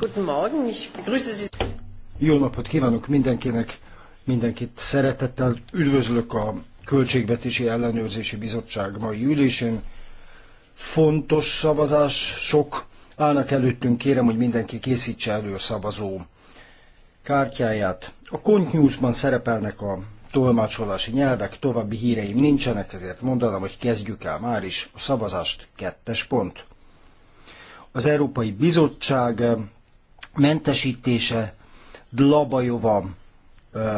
Guten Morgen, ich begrüße Sie. Jó napot kívánok mindenkinek, mindenkit szeretettel üdvözlök a Költségvetési Ellenőrzési Bizottság mai ülésén. Fontos szavazás, sok állnak előttünk, kérem, hogy mindenki készítse elő a szavazó kártyáját. A Contnews-ban szerepelnek a tolmácsolási nyelvek, további híreim nincsenek, ezért mondanám, hogy kezdjük el már is a szavazást, kettes pont. Az Európai Bizottság mentesítése, Dlabajova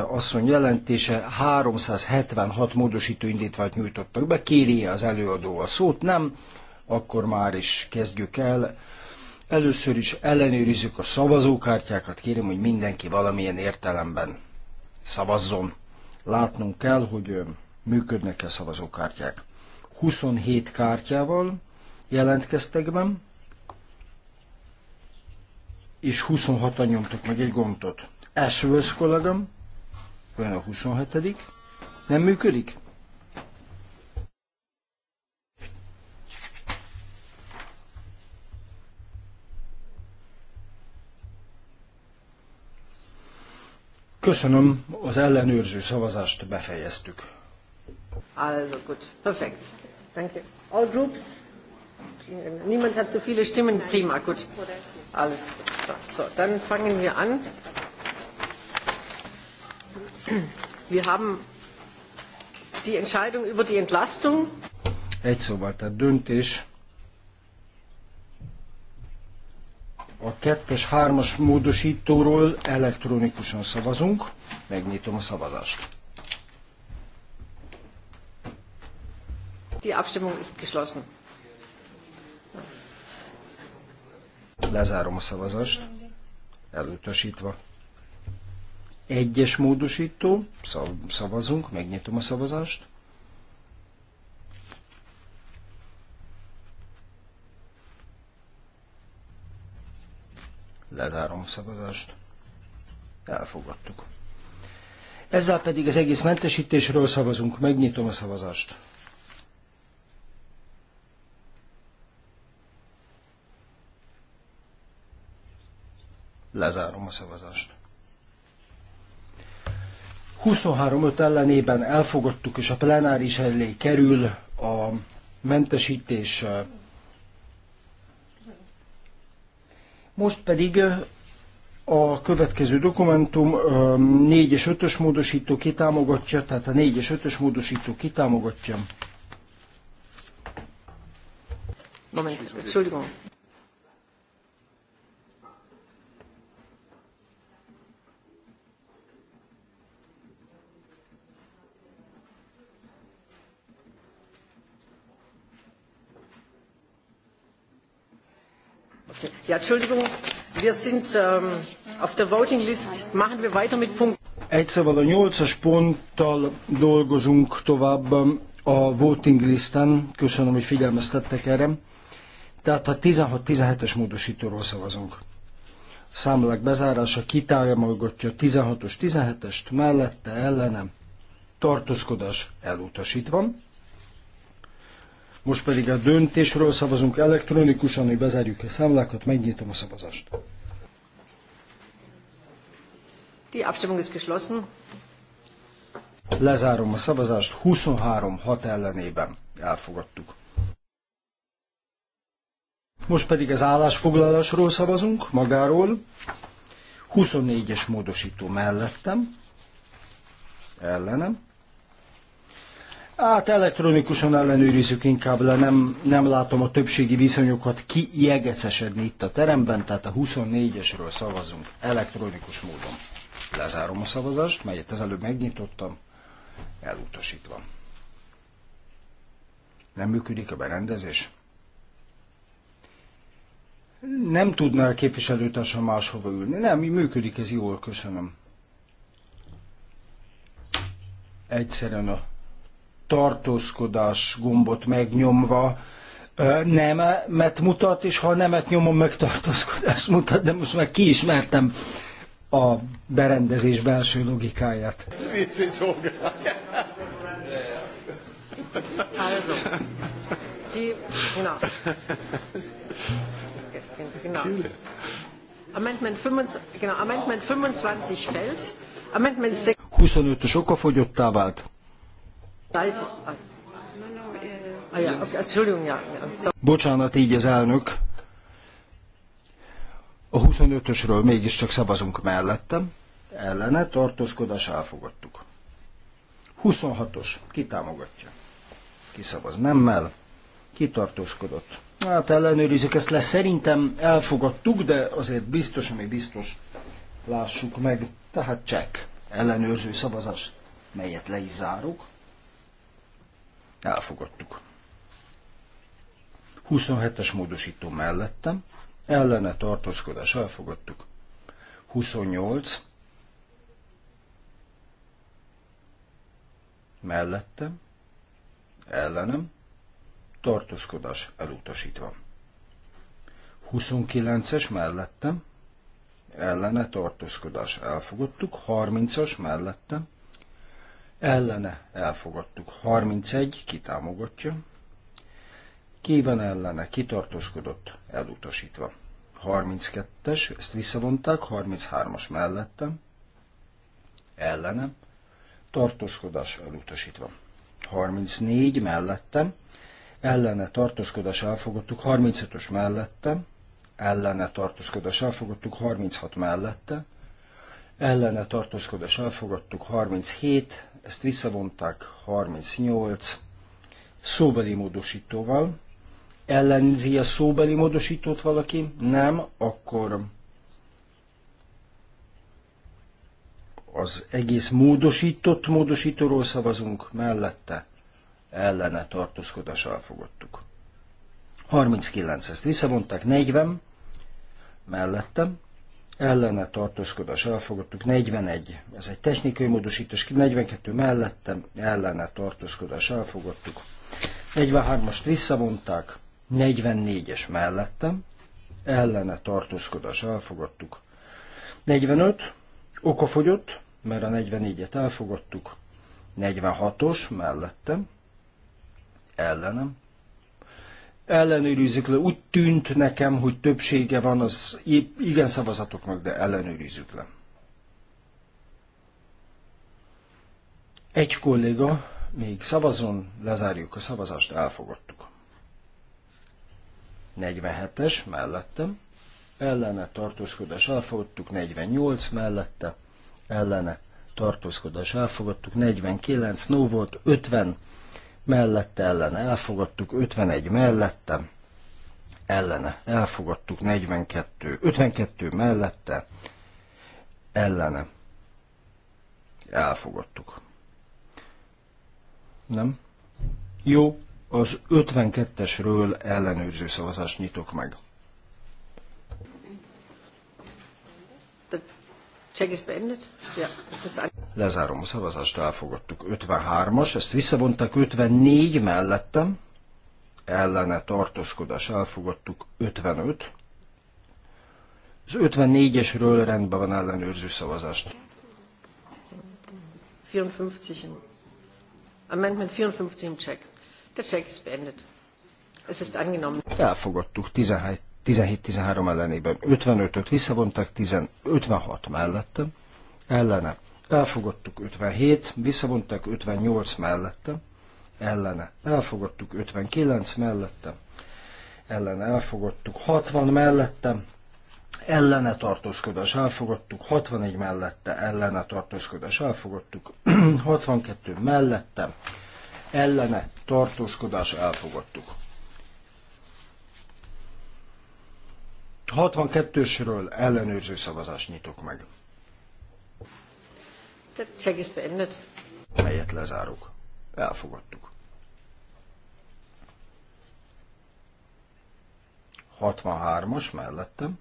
asszony jelentése, 376 módosító indítványt nyújtottak be, kéri az előadó a szót, nem, akkor már is kezdjük el. Először is ellenőrizzük a szavazókártyákat, kérem, hogy mindenki valamilyen értelemben szavazzon. Látnunk kell, hogy működnek-e szavazókártyák. 27 kártyával jelentkeztek benn, és 26-an nyomtak meg egy gombot. Ashworth kollégám, olyan a 27 nem működik? Köszönöm, az ellenőrző szavazást befejeztük. Ah, also gut, perfekt. Danke. All groups? Niemand hat so viele Stimmen, prima, gut. Alles klar. So, dann fangen wir an. Wir haben die Entscheidung über die Entlastung. Egy szóval, tehát döntés a kettes, hármas módosítóról elektronikusan szavazunk. Megnyitom a szavazást. Die Abstimmung ist geschlossen. Lezárom a szavazást. Elutasítva. Egyes módosító. Szavazunk. Megnyitom a szavazást. Lezárom a szavazást. Elfogadtuk. Ezzel pedig az egész mentesítésről szavazunk. Megnyitom a szavazást. Lezárom a szavazást. 23-5 ellenében elfogadtuk, és a plenáris elé kerül a mentesítés. Most pedig a következő dokumentum 4 és 5-ös módosító kitámogatja, tehát a 4 és 5-ös módosító kitámogatja. Moment, Ja, Entschuldigung, wir sind ähm, auf der Voting List. Machen wir weiter mit Punkt. Egy szóval a nyolcas ponttal dolgozunk tovább ähm, a voting listán. Köszönöm, hogy figyelmeztettek erre. Tehát a 16-17-es módosítóról szavazunk. Számlák bezárása kitámogatja 16-os, 17-est, mellette, ellenem, tartózkodás elutasítva. Most pedig a döntésről szavazunk elektronikusan, hogy bezárjuk a számlákat, megnyitom a szavazást. Die Abstimmung ist geschlossen. Lezárom a szavazást 23-6 ellenében. Elfogadtuk. Most pedig az állásfoglalásról szavazunk, magáról. 24-es módosító mellettem, ellenem, Hát elektronikusan ellenőrizzük inkább le, nem, nem látom a többségi viszonyokat kiegecesedni itt a teremben, tehát a 24-esről szavazunk elektronikus módon. Lezárom a szavazást, melyet az előbb megnyitottam, elutasítva. Nem működik a berendezés? Nem tudná a képviselőtársam máshova ülni. Nem, működik ez jól, köszönöm. Egyszerűen a tartózkodás gombot megnyomva nemet mutat, és ha nemet nyomom, meg tartózkodást mutat, de most már kiismertem a berendezés belső logikáját. Also, die, genau. Genau. Amendment 25, genau, Amendment 25 fällt. Amendment 25-ös okafogyottá vált. Bocsánat, így az elnök. A 25-ösről mégiscsak szavazunk mellettem. Ellene tartózkodás elfogadtuk. 26-os. Ki támogatja? Ki szavaz nemmel? Ki tartózkodott? Hát ellenőrizzük ezt le. Szerintem elfogadtuk, de azért biztos, ami biztos. Lássuk meg. Tehát csekk. Ellenőrző szavazás, melyet le is zárok. Elfogadtuk. 27-es módosító mellettem, ellene tartózkodás elfogadtuk. 28 mellettem, ellenem, tartózkodás elutasítva. 29-es mellettem, ellene tartózkodás elfogadtuk, 30-as mellettem, ellene elfogadtuk. 31 kitámogatja, ki ellene, kitartózkodott, elutasítva. 32-es, ezt visszavonták, 33-as mellette, ellene, tartózkodás elutasítva. 34 mellette, ellene tartózkodás elfogadtuk, 35-ös mellette, ellene tartózkodás elfogadtuk, 36 mellette, ellene tartózkodás elfogadtuk, 37 ezt visszavonták 38 szóbeli módosítóval. Ellenzi a szóbeli módosítót valaki? Nem, akkor az egész módosított módosítóról szavazunk, mellette ellene tartózkodás elfogadtuk. 39 ezt visszavonták, 40 mellettem ellene tartózkodás elfogadtuk, 41, ez egy technikai módosítás, 42 mellettem ellene tartózkodás elfogadtuk, 43-ast visszavonták, 44-es mellettem ellene tartózkodás elfogadtuk, 45 okafogyott, mert a 44-et elfogadtuk, 46-os mellettem ellenem ellenőrizzük le. Úgy tűnt nekem, hogy többsége van az igen szavazatoknak, de ellenőrizzük le. Egy kolléga még szavazon, lezárjuk a szavazást, elfogadtuk. 47-es mellettem, ellene tartózkodás elfogadtuk, 48 mellette, ellene tartózkodás elfogadtuk, 49 no volt, 50 mellette ellene elfogadtuk, 51 mellette ellene elfogadtuk, 42, 52 mellette ellene elfogadtuk. Nem? Jó, az 52-esről ellenőrző szavazást nyitok meg. Lezárom a szavazást, elfogadtuk. 53-as, ezt visszavonták 54 mellettem, ellene tartózkodás elfogadtuk 55. Az 54-esről rendben van ellenőrző szavazást. 54. Amendment 54 im Check. The Check is beendet. Es ist angenommen. Elfogadtuk 17 17-13 ellenében 55-öt visszavontak, 56 mellette, ellene elfogadtuk 57, visszavontak 58 mellette, ellene elfogadtuk 59 mellette, ellene elfogadtuk 60 mellette, ellene tartózkodás elfogadtuk, 61 mellette ellene tartózkodás elfogadtuk, 62 mellette ellene tartózkodás elfogadtuk. 62-ösről ellenőrző szavazást nyitok meg. Melyet lezárok. Elfogadtuk. 63-as mellettem.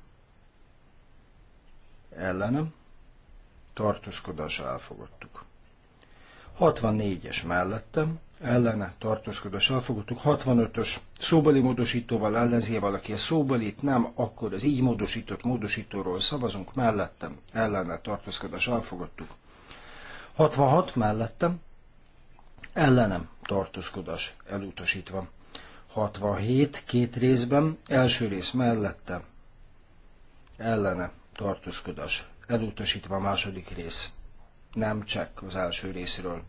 Ellenem. Tartózkodás elfogadtuk. 64-es mellettem ellene tartózkodás elfogadtuk, 65-ös szóbeli módosítóval ellenzi valaki a szóbelit, nem, akkor az így módosított módosítóról szavazunk, mellettem ellene tartózkodás elfogadtuk. 66 mellettem, ellenem tartózkodás elutasítva. 67 két részben, első rész mellette, ellene tartózkodás elutasítva második rész. Nem csekk az első részről.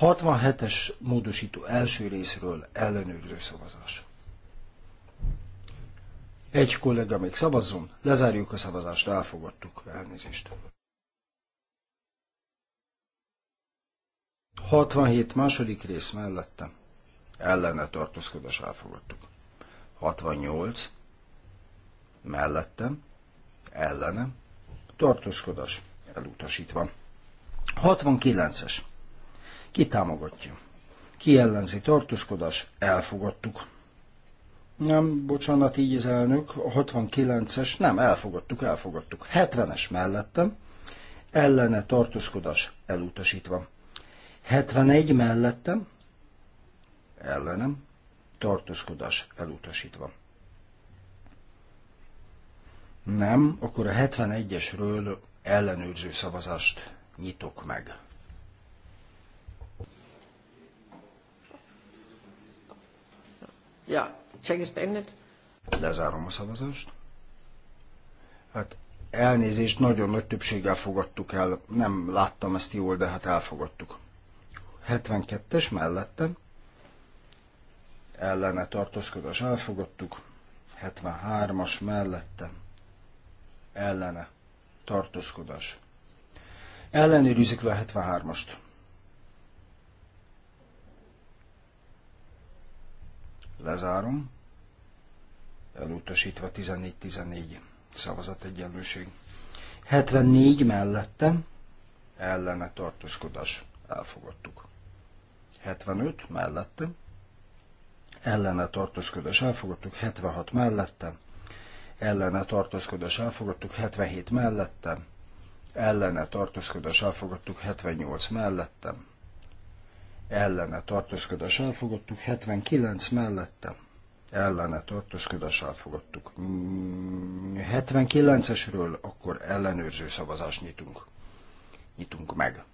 67-es módosító első részről ellenőrző szavazás. Egy kollega még szavazzon, lezárjuk a szavazást, elfogadtuk, elnézést. 67 második rész mellette ellene tartózkodás elfogadtuk. 68 mellettem, ellene tartózkodás elutasítva. 69-es ki támogatja? Ki ellenzi tartózkodás? Elfogadtuk. Nem, bocsánat, így az elnök. A 69-es, nem, elfogadtuk, elfogadtuk. 70-es mellettem, ellene tartózkodás elutasítva. 71 mellettem, ellenem, tartózkodás elutasítva. Nem, akkor a 71-esről ellenőrző szavazást nyitok meg. Ja, check is beendet. Lezárom a szavazást. Hát elnézést, nagyon nagy többséggel fogadtuk el. Nem láttam ezt jól, de hát elfogadtuk. 72-es mellettem. Ellene tartózkodás elfogadtuk. 73-as mellettem. Ellene tartózkodás. Ellenőrizik le a 73-ast. lezárom, elutasítva 14-14 szavazat egyenlőség. 74 mellette ellene tartózkodás elfogadtuk. 75 mellette ellene tartózkodás elfogadtuk, 76 mellette ellene tartózkodás elfogadtuk, 77 mellette ellene tartózkodás elfogadtuk, 78 mellette ellene tartózkodás elfogadtuk, 79 mellette ellene tartózkodás elfogadtuk. 79-esről mm, akkor ellenőrző szavazást nyitunk. Nyitunk meg.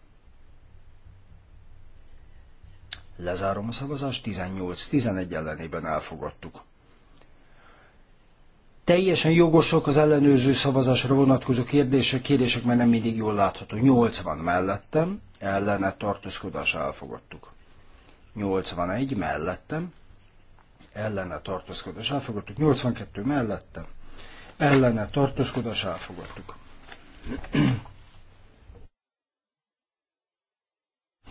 Lezárom a szavazást, 18-11 ellenében elfogadtuk teljesen jogosok az ellenőrző szavazásra vonatkozó kérdések, kérdések már nem mindig jól látható. 80 mellettem, ellene tartózkodás elfogadtuk. 81 mellettem, ellene tartózkodás elfogadtuk. 82 mellettem, ellene tartózkodás elfogadtuk.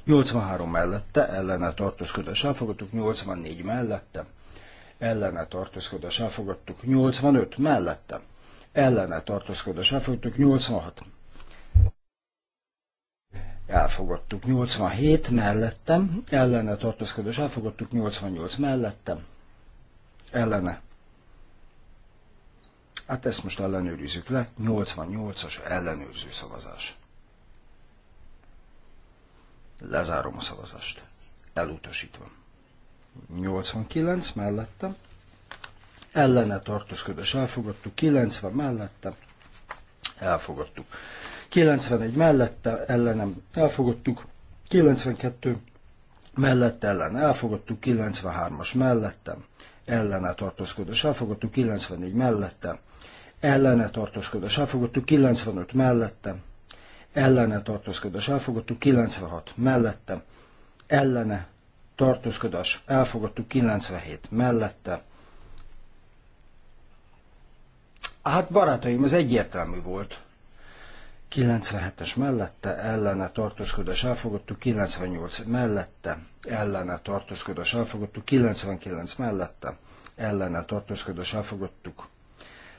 83 mellette, ellene tartózkodás elfogadtuk, 84 mellette, ellene tartózkodás elfogadtuk 85 mellette, ellene tartózkodás elfogadtuk 86 elfogadtuk 87 mellettem, ellene tartózkodás elfogadtuk 88 mellettem, ellene. Hát ezt most ellenőrizzük le, 88-as ellenőrző szavazás. Lezárom a szavazást. elutasítom. 89 mellette, ellene tartózkodás elfogadtuk, 90 mellette, elfogadtuk. 91 mellette, ellenem elfogadtuk, 92 mellette ellen elfogadtuk, 93-as mellette ellene tartózkodás elfogadtuk, 94 mellette, ellene tartózkodás elfogadtuk, 95 mellette, ellene tartózkodás elfogadtuk, 96 mellette, ellene tartózkodás, elfogadtuk 97 mellette. Hát barátaim, ez egyértelmű volt. 97-es mellette, ellene tartózkodás elfogadtuk, 98 mellette, ellene tartózkodás elfogadtuk, 99 mellette, ellene tartózkodás elfogadtuk,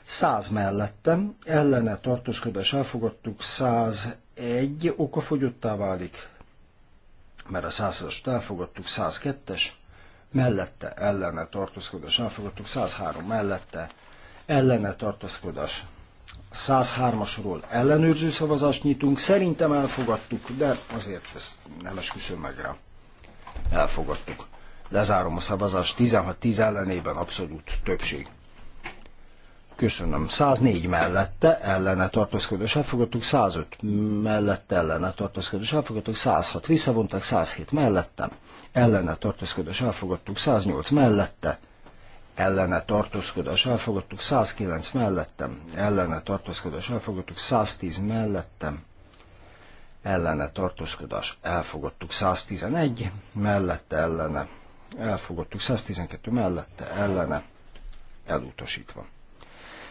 100 mellette ellene tartózkodás elfogadtuk, 101 okafogyottá válik, mert a 100-ast elfogadtuk, 102-es, mellette ellene tartózkodás elfogadtuk, 103 mellette ellene tartózkodás. 103-asról ellenőrző szavazást nyitunk, szerintem elfogadtuk, de azért ezt nem esküszöm meg rá. Elfogadtuk. Lezárom a szavazást 16-10 ellenében abszolút többség. Köszönöm. 104 mellette ellene és elfogadtuk, 105 mellette ellene és elfogadtuk, 106 visszavontak 107 mellettem, ellene és elfogadtuk, 108 mellette, ellene és elfogadtuk, 109 mellettem, ellene és elfogadtuk, 110 mellettem, ellene tartózkodás elfogadtuk, 111 mellette ellene, elfogadtuk, 112 mellette ellene, elutasítva.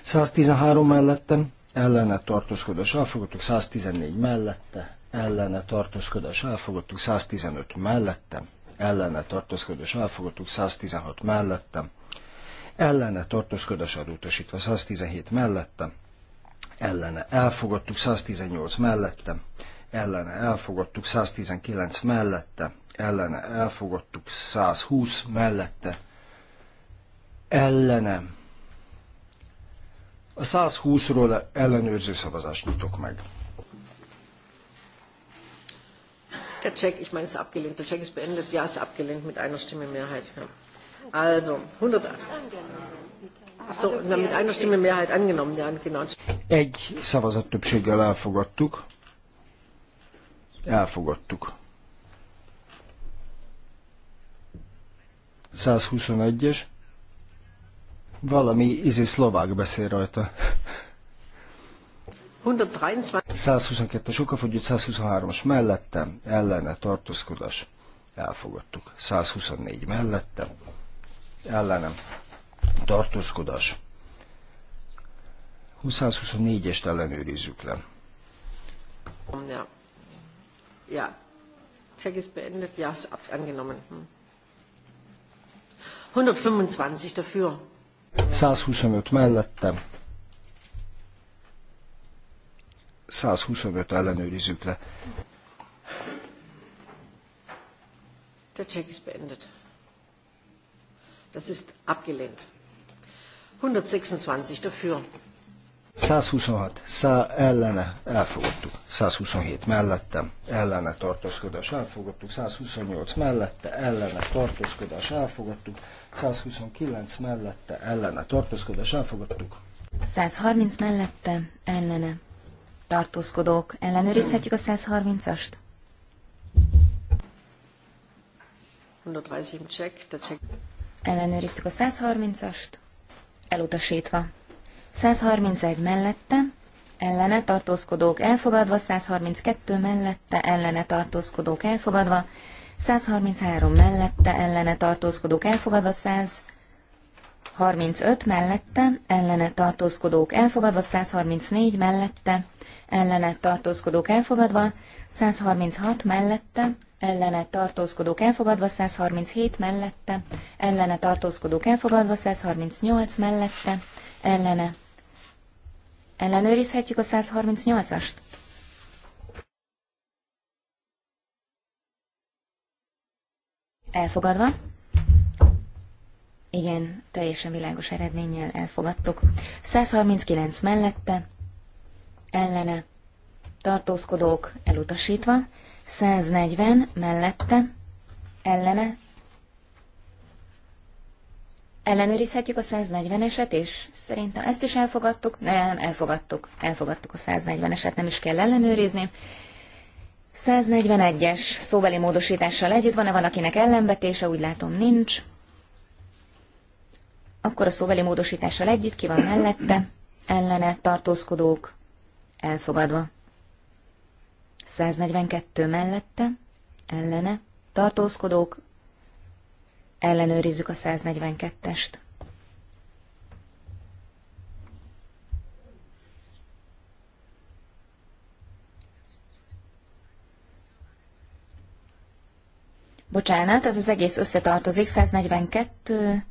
113 mellettem, ellene tartózkodás elfogadtuk, 114 mellette, ellene tartózkodás elfogadtuk, 115 mellettem, ellene tartózkodás elfogadtuk, 116 mellettem, ellene tartózkodás elutasítva, 117 mellettem, ellene elfogadtuk, 118 mellettem, ellene elfogadtuk, 119 mellette, ellene elfogadtuk, 120 mellette, ellenem a 120-ról ellenőrző szavazást nyitok meg. Der Check, ich meine, ist abgelehnt. Der Check ist beendet. Ja, ist abgelehnt mit einer Stimme Mehrheit. Ja. Also, 100. So, na, mit einer Stimme Mehrheit angenommen, ja, genau. Egy szavazat többséggel elfogadtuk. Elfogadtuk. 121-es. Valami izi szlovák beszél rajta. 122-es okafogyott, 123-as mellette, ellene tartózkodás. Elfogadtuk. 124 mellettem, ellenem tartózkodás. 224-est ellenőrizzük le. Ja. Ja. Check ist beendet. Ja, ist angenommen. 125 hm. dafür. 125 mellettem. 125 ellenőrizzük le. Der Check ist beendet. Das ist abgelehnt. 126 dafür 126 szá ellene elfogadtuk, 127 mellette ellene tartózkodás elfogadtuk, 128 mellette ellene tartózkodás elfogadtuk, 129 mellette ellene tartózkodás elfogadtuk. 130 mellette ellene tartózkodók. Ellenőrizhetjük a 130-ast? 130 check, check. Ellenőriztük a 130-ast, elutasítva. 131 mellette, ellene tartózkodók elfogadva, 132 mellette, ellene tartózkodók elfogadva, 133 mellette, ellene tartózkodók elfogadva, 135 mellette, ellene tartózkodók elfogadva, 134 mellette, ellene tartózkodók elfogadva, 136 mellette, ellene tartózkodók elfogadva, 137 mellette, ellene tartózkodók elfogadva, 138 mellette, ellene Ellenőrizhetjük a 138-ast? Elfogadva. Igen, teljesen világos eredménnyel elfogadtuk. 139 mellette, ellene, tartózkodók elutasítva, 140 mellette, ellene, Ellenőrizhetjük a 140-eset és Szerintem ezt is elfogadtuk. Nem, elfogadtuk. Elfogadtuk a 140-eset, nem is kell ellenőrizni. 141-es szóbeli módosítással együtt van-e valakinek ellenvetése? Úgy látom, nincs. Akkor a szóbeli módosítással együtt ki van mellette? Ellene tartózkodók elfogadva. 142 mellette, ellene tartózkodók Ellenőrizzük a 142-est. Bocsánat, ez az egész összetartozik, 142,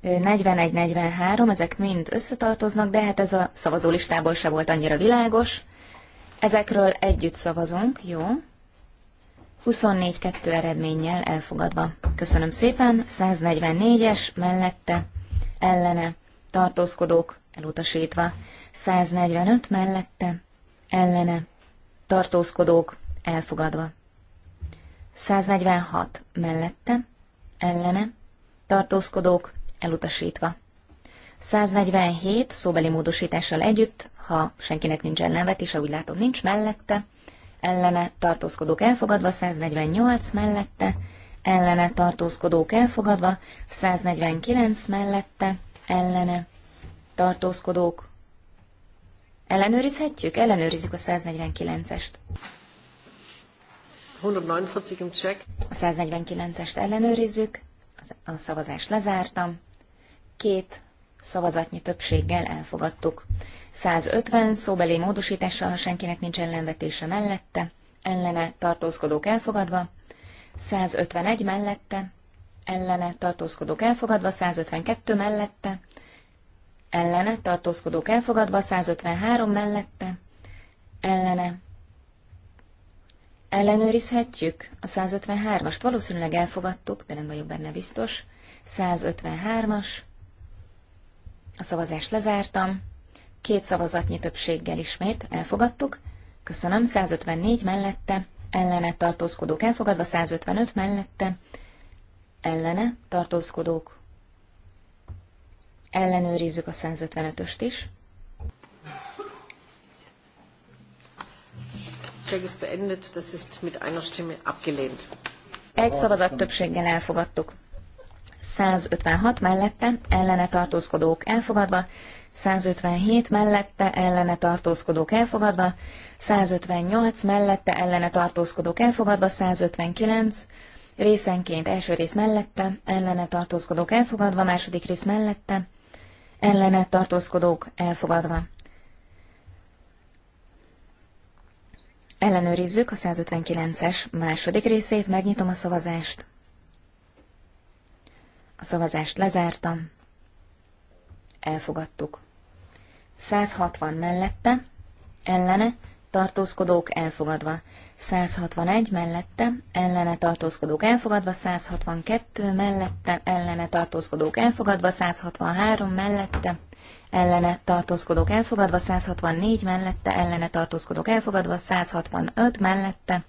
41, 43, ezek mind összetartoznak, de hát ez a szavazólistából se volt annyira világos. Ezekről együtt szavazunk, jó? 24-2 eredménnyel elfogadva. Köszönöm szépen, 144-es mellette, ellene, tartózkodók elutasítva, 145 mellette, ellene, tartózkodók elfogadva. 146 mellette, ellene, tartózkodók elutasítva. 147 szóbeli módosítással együtt, ha senkinek nincs ellenvetése, úgy látom nincs mellette, ellene tartózkodók elfogadva, 148 mellette, ellene tartózkodók elfogadva, 149 mellette, ellene tartózkodók. Ellenőrizhetjük? Ellenőrizzük a 149-est. 149 est ellenőrizzük, a szavazást lezártam. Két szavazatnyi többséggel elfogadtuk. 150 szóbeli módosítással, ha senkinek nincs ellenvetése mellette, ellene tartózkodók elfogadva, 151 mellette, ellene tartózkodók elfogadva, 152 mellette, ellene tartózkodók elfogadva, 153 mellette, ellene. Ellenőrizhetjük a 153-ast, valószínűleg elfogadtuk, de nem vagyok benne biztos. 153-as, a szavazást lezártam. Két szavazatnyi többséggel ismét elfogadtuk. Köszönöm, 154 mellette, ellene tartózkodók elfogadva, 155 mellette, ellene tartózkodók. Ellenőrizzük a 155-öst is. Egy szavazat többséggel elfogadtuk. 156 mellette ellene tartózkodók elfogadva, 157 mellette ellene tartózkodók elfogadva, 158 mellette ellene tartózkodók elfogadva, 159 részenként első rész mellette ellene tartózkodók elfogadva, második rész mellette ellene tartózkodók elfogadva. Ellenőrizzük a 159-es második részét, megnyitom a szavazást. A szavazást lezártam. Elfogadtuk. 160 mellette, ellene, tartózkodók elfogadva. 161 mellette, ellene tartózkodók elfogadva, 162 mellette, ellene tartózkodók elfogadva, 163 mellette, ellene tartózkodók elfogadva, 164 mellette, ellene tartózkodók elfogadva, 165 mellette,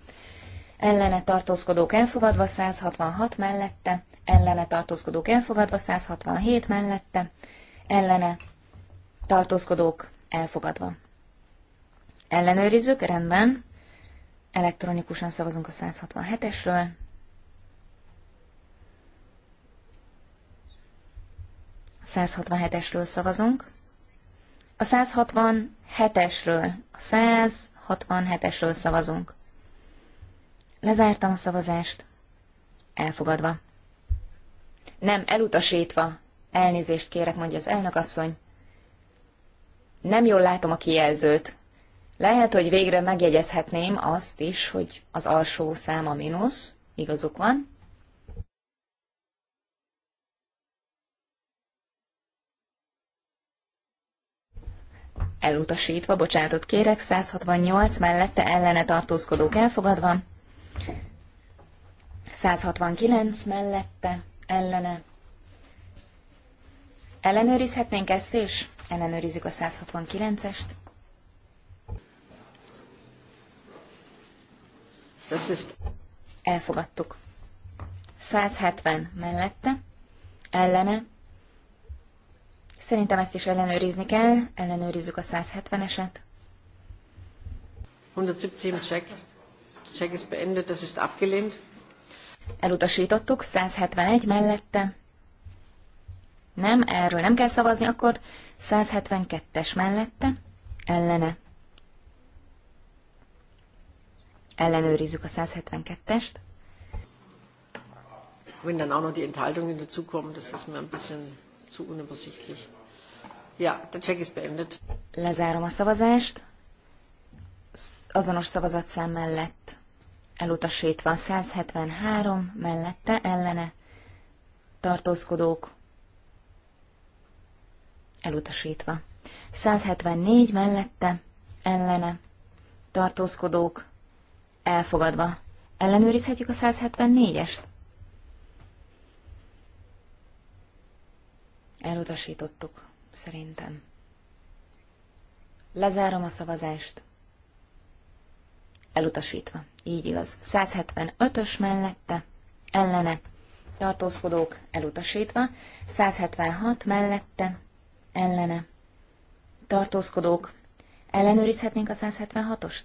ellene tartózkodók elfogadva 166 mellette, ellene tartózkodók elfogadva 167 mellette, ellene tartózkodók elfogadva. Ellenőrizzük, rendben. Elektronikusan szavazunk a 167-esről. A 167-esről szavazunk. A 167-esről, a 167-esről szavazunk. Lezártam a szavazást. Elfogadva. Nem, elutasítva. Elnézést kérek, mondja az elnökasszony. Nem jól látom a kijelzőt. Lehet, hogy végre megjegyezhetném azt is, hogy az alsó szám a mínusz. Igazuk van. Elutasítva, bocsánatot kérek, 168 mellette ellene tartózkodók elfogadva, 169 mellette, ellene. Ellenőrizhetnénk ezt is? Ellenőrizzük a 169-est. Elfogadtuk. 170 mellette, ellene. Szerintem ezt is ellenőrizni kell. Ellenőrizzük a 170-eset. 170 check. Check ist beendet, das ist abgelehnt. Elutasítottuk, 171 mellette. Nem, erről nem kell szavazni, akkor 172-es mellette, ellene. Ellenőrizzük a 172-est. Wenn dann auch noch die Enthaltungen dazukommen, das ist mir ein bisschen zu unübersichtlich. Ja, der Check ist beendet. Lezárom a szavazást. Azonos szavazatszám mellett elutasítva 173 mellette ellene tartózkodók elutasítva. 174 mellette ellene tartózkodók elfogadva. Ellenőrizhetjük a 174-est? Elutasítottuk, szerintem. Lezárom a szavazást. Elutasítva így igaz. 175-ös mellette, ellene, tartózkodók elutasítva, 176 mellette, ellene, tartózkodók, ellenőrizhetnénk a 176-ost?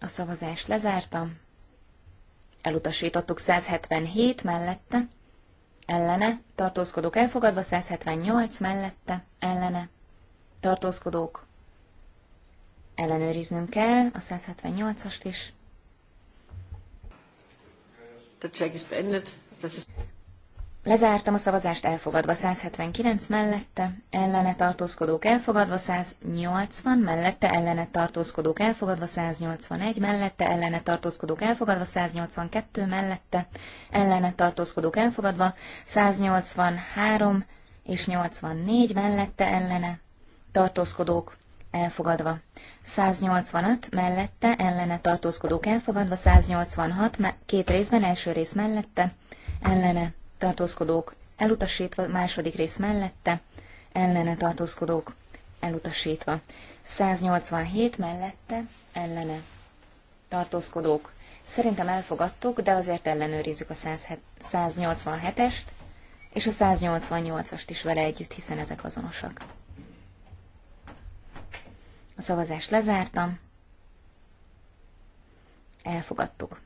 A szavazást lezártam. Elutasítottuk 177 mellette, ellene, tartózkodók elfogadva, 178 mellette, ellene, tartózkodók ellenőriznünk kell, a 178-ast is. The check is Lezártam a szavazást elfogadva 179 mellette, ellene tartózkodók elfogadva 180, mellette ellene tartózkodók elfogadva 181, mellette ellene tartózkodók elfogadva 182, mellette ellene tartózkodók elfogadva 183 és 84, mellette ellene tartózkodók elfogadva. 185 mellette ellene tartózkodók elfogadva, 186 két részben első rész mellette ellene tartózkodók elutasítva, második rész mellette ellene tartózkodók elutasítva. 187 mellette ellene tartózkodók. Szerintem elfogadtuk, de azért ellenőrizzük a 187-est és a 188-ast is vele együtt, hiszen ezek azonosak. A szavazást lezártam. Elfogadtuk.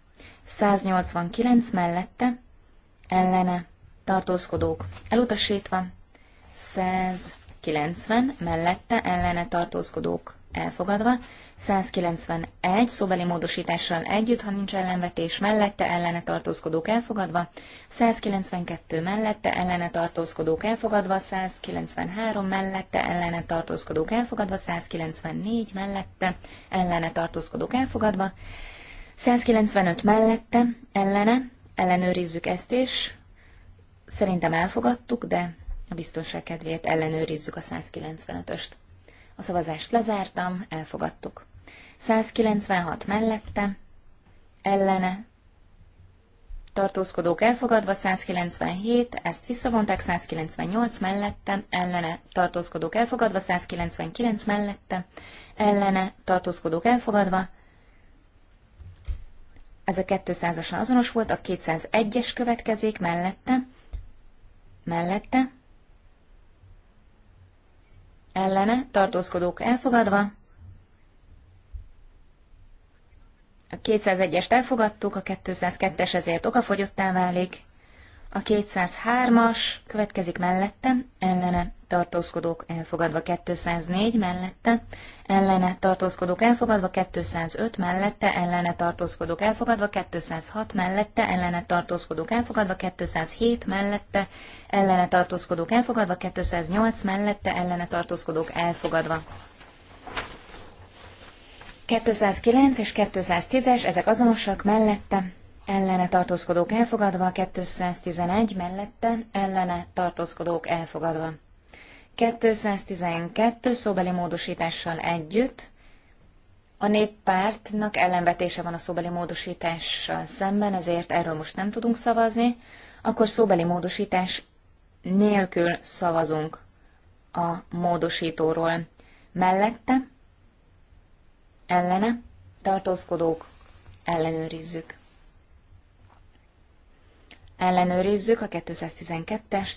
189 mellette, ellene, tartózkodók elutasítva, 190 mellette, ellene tartózkodók elfogadva, 191 szóbeli módosítással együtt, ha nincs ellenvetés mellette ellene tartózkodók elfogadva, 192 mellette ellene tartózkodók elfogadva, 193 mellette ellene tartózkodók elfogadva, 194 mellette ellene tartózkodók elfogadva, 195 mellette ellene, ellenőrizzük ezt is, szerintem elfogadtuk, de a biztonság kedvéért ellenőrizzük a 195-öst. A szavazást lezártam, elfogadtuk. 196 mellette, ellene, tartózkodók elfogadva, 197, ezt visszavonták, 198 mellette, ellene, tartózkodók elfogadva, 199 mellette, ellene, tartózkodók elfogadva, ez a 200-asan azonos volt, a 201-es következik mellette, mellette, ellene tartózkodók elfogadva. A 201-est elfogadtuk, a 202-es ezért okafogyottá válik. A 203-as következik mellette, ellene tartózkodók elfogadva 204 mellette, ellene tartózkodók elfogadva 205 mellette, ellene tartózkodók elfogadva 206 mellette, ellene tartózkodók elfogadva 207 mellette, ellene tartózkodók elfogadva 208 mellette, ellene tartózkodók elfogadva. 209 és 210-es, ezek azonosak mellette, ellene tartózkodók elfogadva, 211 mellette ellene tartózkodók elfogadva. 212 szóbeli módosítással együtt a néppártnak ellenvetése van a szóbeli módosítással szemben, ezért erről most nem tudunk szavazni, akkor szóbeli módosítás nélkül szavazunk a módosítóról. Mellette, ellene, tartózkodók, ellenőrizzük. Ellenőrizzük a 212-est.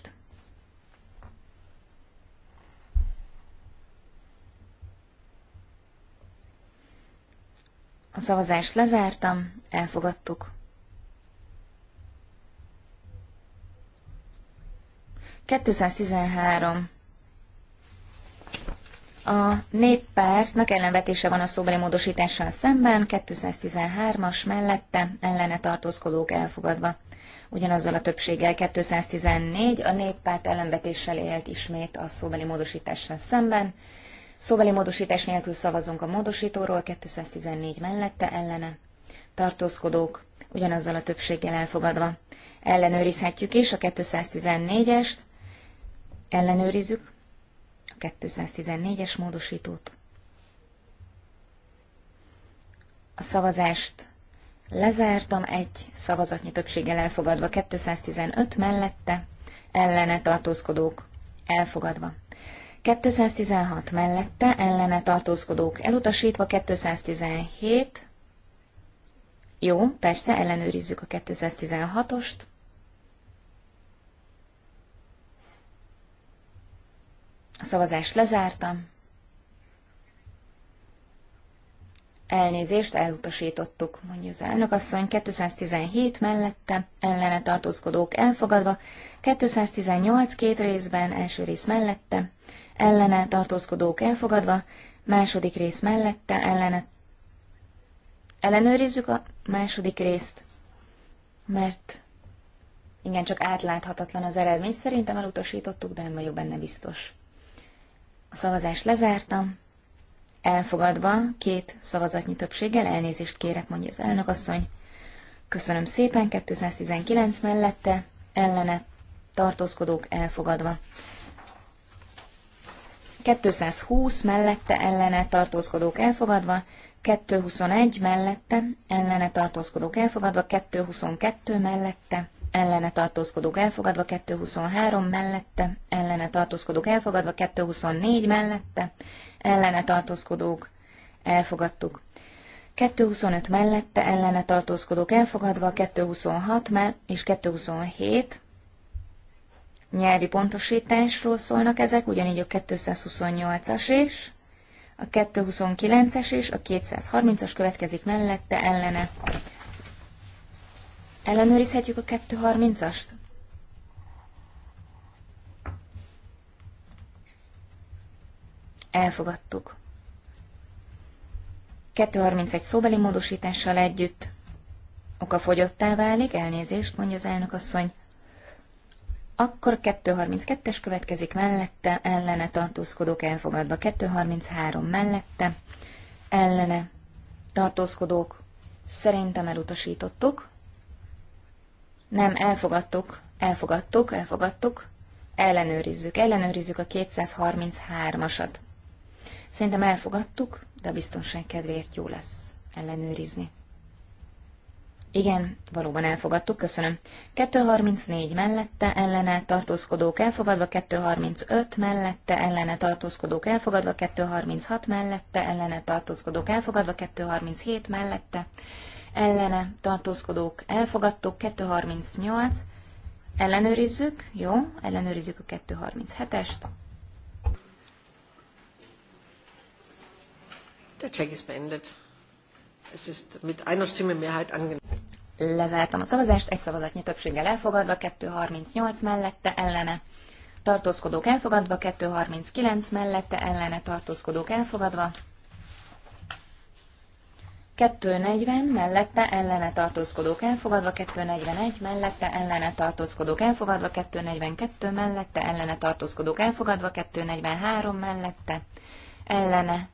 A szavazást lezártam, elfogadtuk. 213. A néppártnak ellenvetése van a szóbeli módosítással szemben, 213-as mellette ellene tartózkodók elfogadva ugyanazzal a többséggel 214, a néppárt ellenvetéssel élt ismét a szóbeli módosítással szemben. Szóbeli módosítás nélkül szavazunk a módosítóról, 214 mellette ellene. Tartózkodók, ugyanazzal a többséggel elfogadva. Ellenőrizhetjük is a 214-est, ellenőrizzük a 214-es módosítót. A szavazást Lezártam egy szavazatnyi többséggel elfogadva, 215 mellette, ellene tartózkodók elfogadva. 216 mellette, ellene tartózkodók elutasítva, 217. Jó, persze, ellenőrizzük a 216-ost. A szavazást lezártam. Elnézést, elutasítottuk, mondja az elnökasszony, 217 mellette, ellene tartózkodók elfogadva, 218 két részben, első rész mellette, ellene tartózkodók elfogadva, második rész mellette, ellene. Ellenőrizzük a második részt, mert igen, csak átláthatatlan az eredmény, szerintem elutasítottuk, de nem vagyok benne biztos. A szavazást lezártam, elfogadva két szavazatnyi többséggel, elnézést kérek, mondja az elnökasszony. Köszönöm szépen, 219 mellette, ellene, tartózkodók elfogadva. 220 mellette, ellene, tartózkodók elfogadva, 221 mellette, ellene tartózkodók elfogadva, 222 mellette, ellene tartózkodók elfogadva, 223 mellette, ellene tartózkodók elfogadva, 224 mellette, ellene tartózkodók elfogadtuk. 225 mellette, ellene tartózkodók elfogadva, 226 mell- és 227 nyelvi pontosításról szólnak ezek, ugyanígy a 228-as is, a 229-es és a 230-as következik mellette, ellene Ellenőrizhetjük a 230-ast? Elfogadtuk. 231 szóbeli módosítással együtt fogyottá válik, elnézést, mondja az elnök asszony. Akkor 232-es következik mellette, ellene tartózkodók elfogadva. 233 mellette, ellene tartózkodók szerintem elutasítottuk. Nem, elfogadtuk, elfogadtuk, elfogadtuk. Ellenőrizzük, ellenőrizzük a 233-asat. Szerintem elfogadtuk, de a biztonság kedvéért jó lesz ellenőrizni. Igen, valóban elfogadtuk, köszönöm. 234 mellette, ellene tartózkodók elfogadva, 235 mellette, ellene tartózkodók elfogadva, 236 mellette, ellene tartózkodók elfogadva, 237 mellette, ellene tartózkodók elfogadtuk, 238, ellenőrizzük, jó, ellenőrizzük a 237-est. Der Check is beendet. Es ist mit einer Stimme Mehrheit angenommen. Lezártam a szavazást, egy szavazatnyi többséggel elfogadva, 238 mellette ellene tartózkodók elfogadva, 239 mellette ellene tartózkodók elfogadva, 240 mellette ellene tartózkodók elfogadva, 241 mellette ellene tartózkodók elfogadva, 242 mellette ellene tartózkodók elfogadva, 243 mellette ellene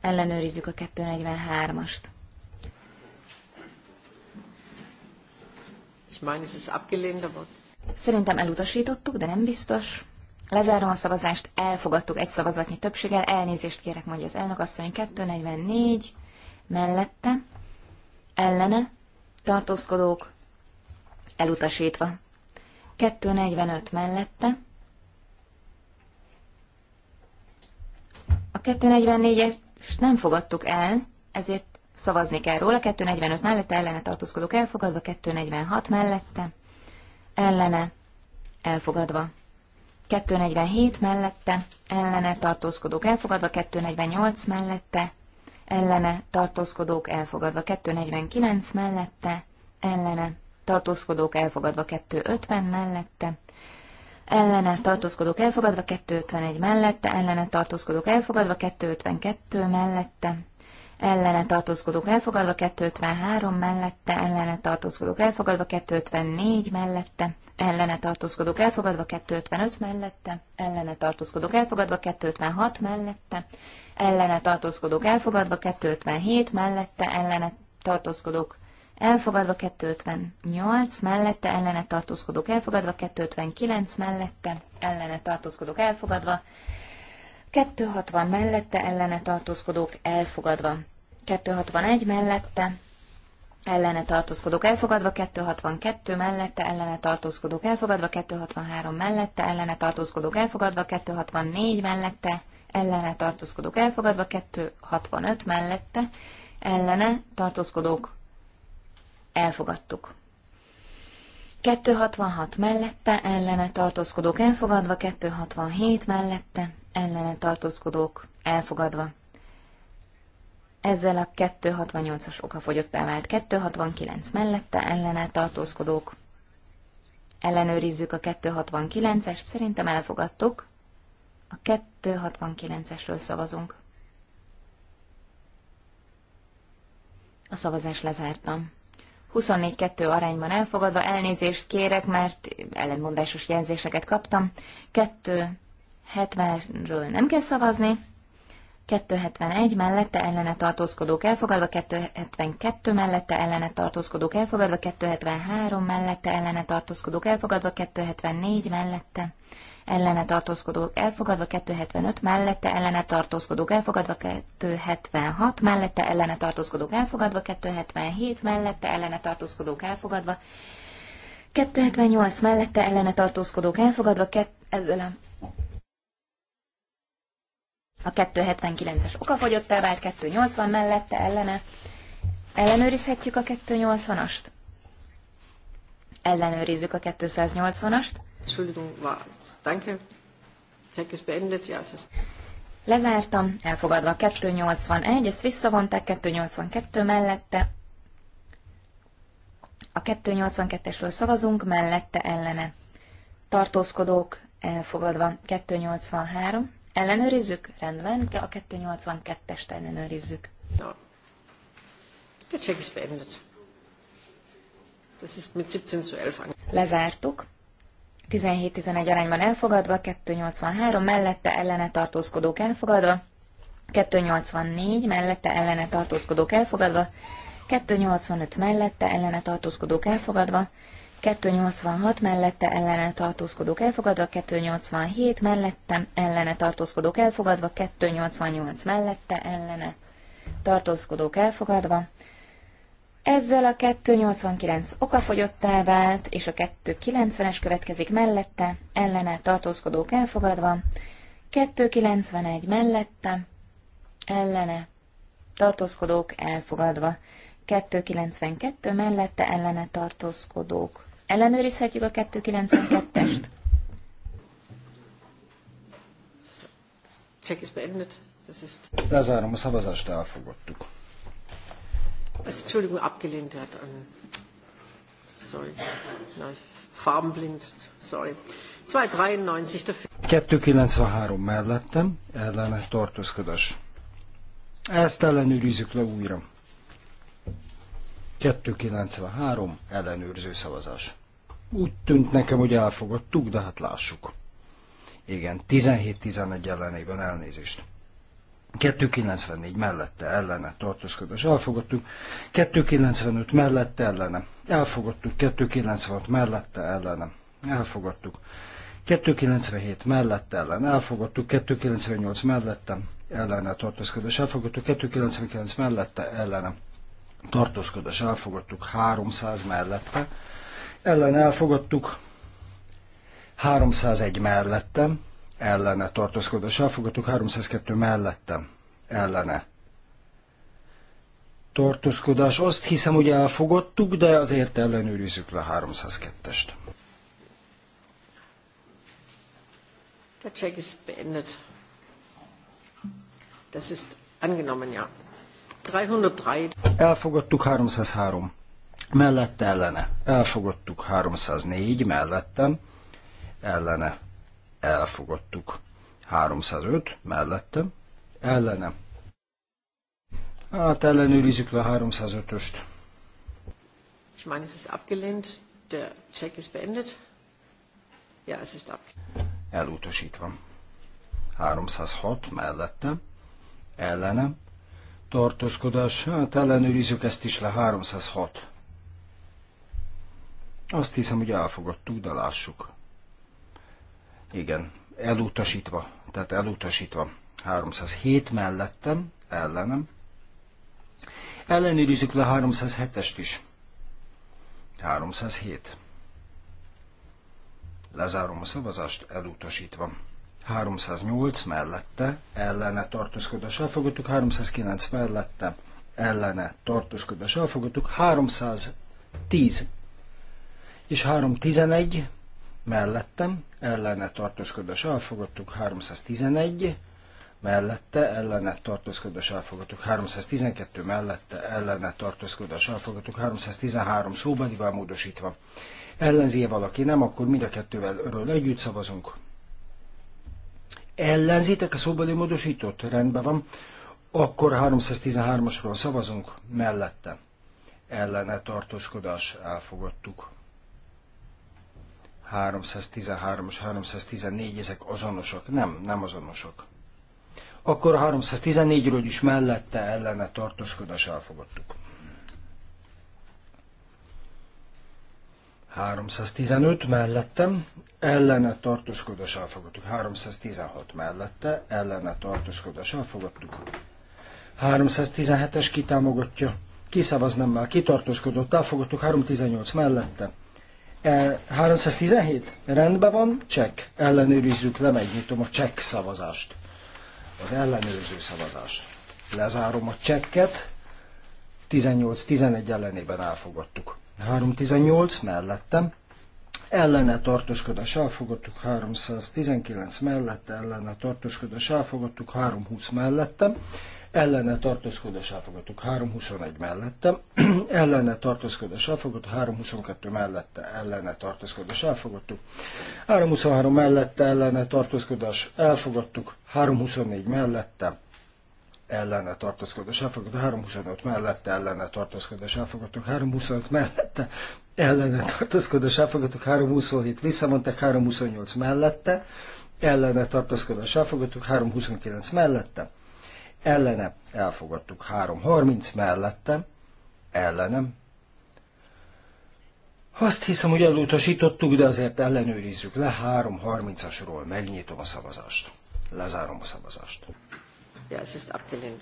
ellenőrizzük a 243-ast. Szerintem elutasítottuk, de nem biztos. Lezárom a szavazást, elfogadtuk egy szavazatnyi többséggel, elnézést kérek, mondja az elnök asszony, 244 mellette, ellene, tartózkodók, elutasítva. 245 mellette, a 244 es nem fogadtuk el, ezért szavazni kell róla, 245 mellette, ellene tartózkodók elfogadva, 246 mellette, ellene, elfogadva. 247 mellette, ellene tartózkodók elfogadva, 248 mellette, ellene tartózkodók elfogadva 249 mellette, ellene tartózkodók elfogadva 250 mellette, ellene tartózkodók elfogadva 251 mellette, ellene tartózkodók elfogadva 252 mellette, ellene tartózkodók elfogadva 253 mellette, ellene tartózkodók elfogadva 254 mellette, ellene tartózkodók elfogadva 255 mellette, ellene tartózkodók elfogadva 256 mellette, ellene tartózkodók elfogadva, 257 mellette ellene tartózkodók elfogadva, 258 mellette ellene tartózkodók elfogadva, 259 mellette ellene tartózkodók elfogadva, 260 mellette ellene tartózkodók elfogadva, 261 mellette ellene tartózkodók elfogadva, 262 mellette ellene tartózkodók elfogadva, 263 mellette ellene tartózkodók elfogadva, 264 mellette ellene tartózkodók elfogadva, 265 mellette ellene tartózkodók elfogadtuk. 266 mellette ellene tartózkodók elfogadva, 267 mellette ellene tartózkodók elfogadva. Ezzel a 268-as okafogyottá vált 269 mellette ellene tartózkodók. Ellenőrizzük a 269-est, szerintem elfogadtuk, a 269-esről szavazunk. A szavazás lezártam. 24-2 arányban elfogadva, elnézést kérek, mert ellenmondásos jelzéseket kaptam. 270-ről nem kell szavazni. 271 mellette ellene tartózkodók elfogadva, 272 mellette ellene tartózkodók elfogadva, 273 mellette ellene tartózkodók elfogadva, 274 mellette ellene tartózkodók elfogadva, 275 mellette ellene tartózkodók elfogadva, 276 mellette ellene tartózkodók elfogadva, 277 mellette ellene tartózkodók elfogadva, 278 mellette ellene tartózkodók elfogadva, kett, ezzel a a 279-es okafogyottá vált, 280 mellette ellene. Ellenőrizhetjük a 280-ast? Ellenőrizzük a 280-ast. Entschuldigung, war Danke. Check beendet. Ja, es ist... Lezártam, elfogadva 281, ezt visszavonták 282 mellette. A 282-esről szavazunk, mellette ellene. Tartózkodók elfogadva 283. Ellenőrizzük? Rendben, a 282-est ellenőrizzük. Ja. Der Check ist beendet. Das ist mit 17 zu 11 Lezártuk. 17-11 arányban elfogadva, 283 mellette ellene tartózkodók elfogadva, 284 mellette ellene tartózkodók elfogadva, 285 mellette ellene tartózkodók elfogadva, 286 mellette ellene tartózkodók elfogadva, 287 mellette ellene tartózkodók elfogadva, 288 mellette ellene tartózkodók elfogadva, ezzel a 289 okafogyottá vált, és a 290-es következik mellette, ellene tartózkodók elfogadva, 291 mellette, ellene tartózkodók elfogadva, 292 mellette, ellene tartózkodók. Ellenőrizhetjük a 292-est. Lezárom a szavazást, elfogadtuk. Entschuldigung, abgelehnt hat. Sorry. Nein, farbenblind. Sorry. 293 dafür. 293 mellettem, ellene tartózkodás. Ezt ellenőrizzük le újra. 293 ellenőrző szavazás. Úgy tűnt nekem, hogy elfogadtuk, de hát lássuk. Igen, 17-11 ellenében elnézést. 294 mellette ellene tartózkodás elfogadtuk, 295 mellette ellene elfogadtuk, 296 mellette ellene elfogadtuk, 297 mellette ellen elfogadtuk, 298 mellette ellene tartózkodás elfogadtuk, 299 mellette ellene tartózkodás elfogadtuk, 300 mellette ellen elfogadtuk, 301 mellette ellene tartózkodás elfogadtuk, 302 mellettem ellene tartózkodás. Azt hiszem, hogy elfogadtuk, de azért ellenőrizzük le 302-est. Der Check ist beendet. Das ist angenommen, ja. 303. Elfogadtuk 303. Mellette ellene. Elfogadtuk 304 mellettem. Ellene elfogadtuk. 305 mellette, ellene. Hát ellenőrizzük le a 305-öst. Ich meine, es ist abgelehnt, der Check ist beendet. Ja, es ist abgelehnt. Elutasítva. 306 mellette, ellene. Tartózkodás, hát ellenőrizzük ezt is le, 306. Azt hiszem, hogy elfogadtuk, de lássuk. Igen, elutasítva. Tehát elutasítva. 307 mellettem, ellenem. Ellenőrizzük le 307-est is. 307. Lezárom a szavazást, elutasítva. 308 mellette, ellene tartózkodás elfogadtuk, 309 mellette, ellene tartózkodás elfogadtuk, 310 és 311 mellettem, ellene tartózkodás elfogadtuk 311, mellette ellene tartózkodás elfogadtuk 312, mellette ellene tartózkodás elfogadtuk 313 szóbelivel módosítva. Ellenzi -e valaki nem, akkor mind a kettővel örül együtt szavazunk. Ellenzitek a szóbeli módosítót? Rendben van. Akkor 313-asról szavazunk, mellette ellene tartózkodás elfogadtuk. 313 és 314, ezek azonosak? Nem, nem azonosak. Akkor a 314-ről is mellette ellene tartózkodás elfogadtuk. 315 mellettem, ellene tartózkodás elfogadtuk. 316 mellette, ellene tartózkodás elfogadtuk. 317-es kitámogatja, már, kitartózkodott, elfogadtuk 318 mellette, E, 317? Rendben van, csekk. Ellenőrizzük le, nyitom a csekk szavazást. Az ellenőrző szavazást. Lezárom a csekket. 18-11 ellenében elfogadtuk. 318 mellettem. Ellene tartózkodás elfogadtuk 319 mellette, ellene tartózkodás elfogadtuk 320 mellettem ellene tartózkodás elfogadtuk 321 mellette, ellene tartózkodás elfogadtuk 322 mellette, ellene tartózkodás elfogadtuk 323 mellette, ellene tartózkodás elfogadtuk 324 mellette, ellene tartózkodás elfogadtuk 325 mellette, ellene tartózkodás elfogadtuk 325 mellette, ellene tartózkodás elfogadtuk 327 visszamondták 328 mellette, ellene tartózkodás elfogadtuk 329 mellette, ellene elfogadtuk. 3.30 mellette ellenem. Azt hiszem, hogy elutasítottuk, de azért ellenőrizzük le. 3.30-asról megnyitom a szavazást. Lezárom a szavazást. Ja, ez ist abgelehnt.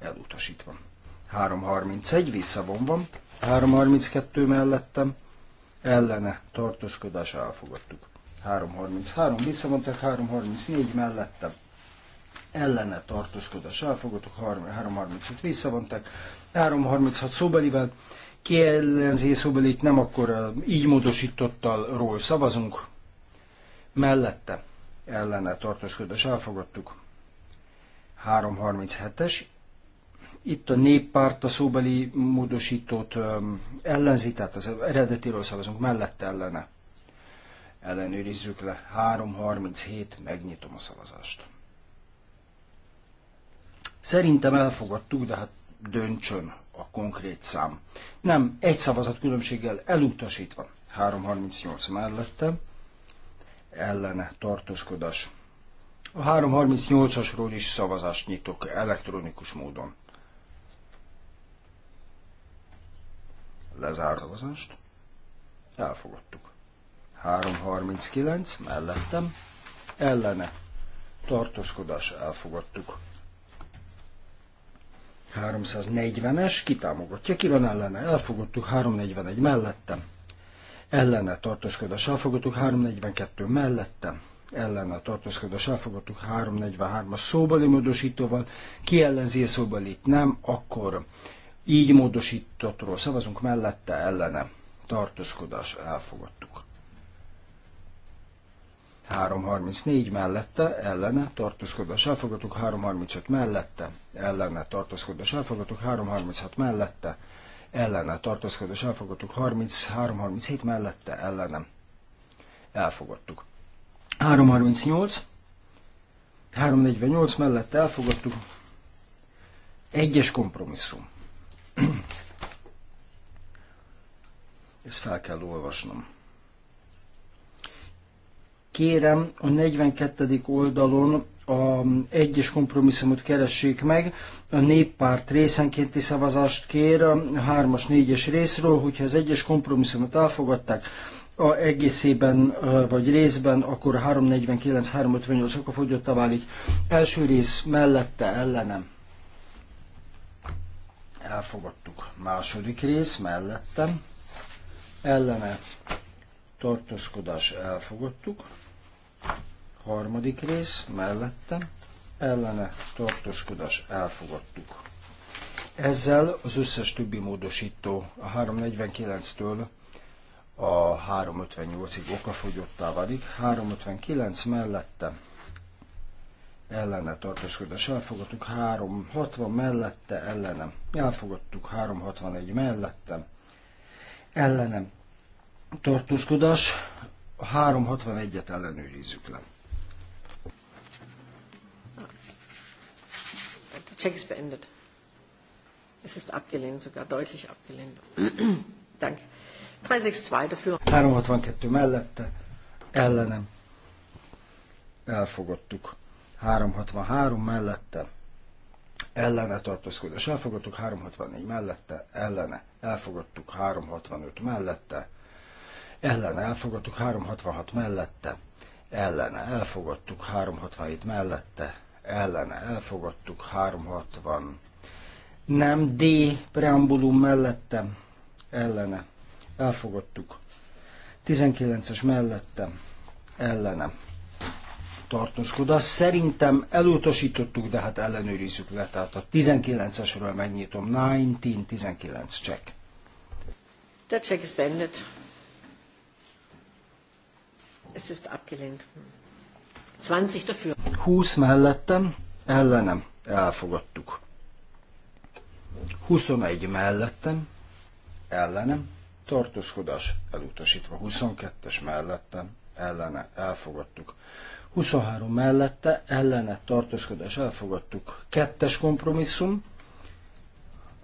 Elutasítva. 3.31 visszavonva. 3.32 mellettem. Ellene tartózkodás elfogadtuk. 3.33 visszavontak, 3.34 mellettem ellene tartózkodás elfogadtuk, 3.35 visszavonták, 3.36 szóbelivel, ki ellenzi szóbelit, nem akkor eh, így módosítottal ról szavazunk, mellette ellene tartózkodás elfogadtuk, 3.37-es, itt a néppárt a szóbeli módosítót eh, ellenzi, tehát az eredetiről szavazunk, mellette ellene ellenőrizzük le. 3.37, megnyitom a szavazást. Szerintem elfogadtuk, de hát döntsön a konkrét szám. Nem, egy szavazat különbséggel elutasítva. 338 mellette ellene tartózkodás. A 338-asról is szavazást nyitok elektronikus módon. Lezár szavazást. Elfogadtuk. 339 mellettem ellene tartózkodás elfogadtuk. 340-es, kitámogatja, ki van ellene, elfogadtuk 341 mellettem, ellene tartózkodás, elfogadtuk 342 mellettem, ellene tartózkodás, elfogadtuk 343-as szóbeli módosítóval, ki ellenzi a szóbelit, nem, akkor így módosítottról szavazunk mellette, ellene tartózkodás, elfogadtuk. 334 mellette, ellene, tartózkodás elfogadtuk, 335 mellette, ellene, tartózkodás elfogadtuk, 336 mellette, ellene, tartózkodás elfogadtuk, 30, 337 mellette, ellene, elfogadtuk. 338, 348 mellette elfogadtuk, egyes kompromisszum. Ezt fel kell olvasnom. Kérem, a 42. oldalon a egyes kompromisszumot keressék meg. A néppárt részenkénti szavazást kér a 3-as, 4-es részről, hogyha az egyes kompromisszumot elfogadták, a egészében vagy részben, akkor 349-358 okafogyottá válik. Első rész mellette ellenem. Elfogadtuk. Második rész mellettem. Ellene tartózkodás elfogadtuk. Harmadik rész, mellette, ellene tartózkodás elfogadtuk. Ezzel az összes többi módosító a 349-től a 358-ig okafogyottá válik, 359 mellette ellene tartózkodás elfogadtuk, 360 mellette ellenem, elfogadtuk 361 mellette ellenem tartózkodás, a 361-et ellenőrizzük le. Der Check ist beendet. Es ist abgelehnt, sogar deutlich abgelehnt. Danke. 362 dafür. 362 mellette, ellenem. Elfogadtuk. 363 mellette, ellene tartózkodás. Elfogadtuk 364 mellette, ellene. Elfogadtuk 365 mellette, ellene elfogadtuk 366 mellette, ellene elfogadtuk 367 mellette, ellene elfogadtuk 360 nem D preambulum mellette, ellene elfogadtuk 19-es mellette, ellene tartózkodás. Szerintem elutasítottuk, de hát ellenőrizzük le. Tehát a 19-esről megnyitom. 19-19 check. The check is bended. Es ist abgelehnt. 20 dafür. 20 mellettem, ellenem, elfogadtuk. 21 mellettem, ellenem, tartózkodás, elutasítva. 22-es mellettem, ellene, elfogadtuk. 23 mellette, ellene, tartózkodás, elfogadtuk. Kettes kompromisszum,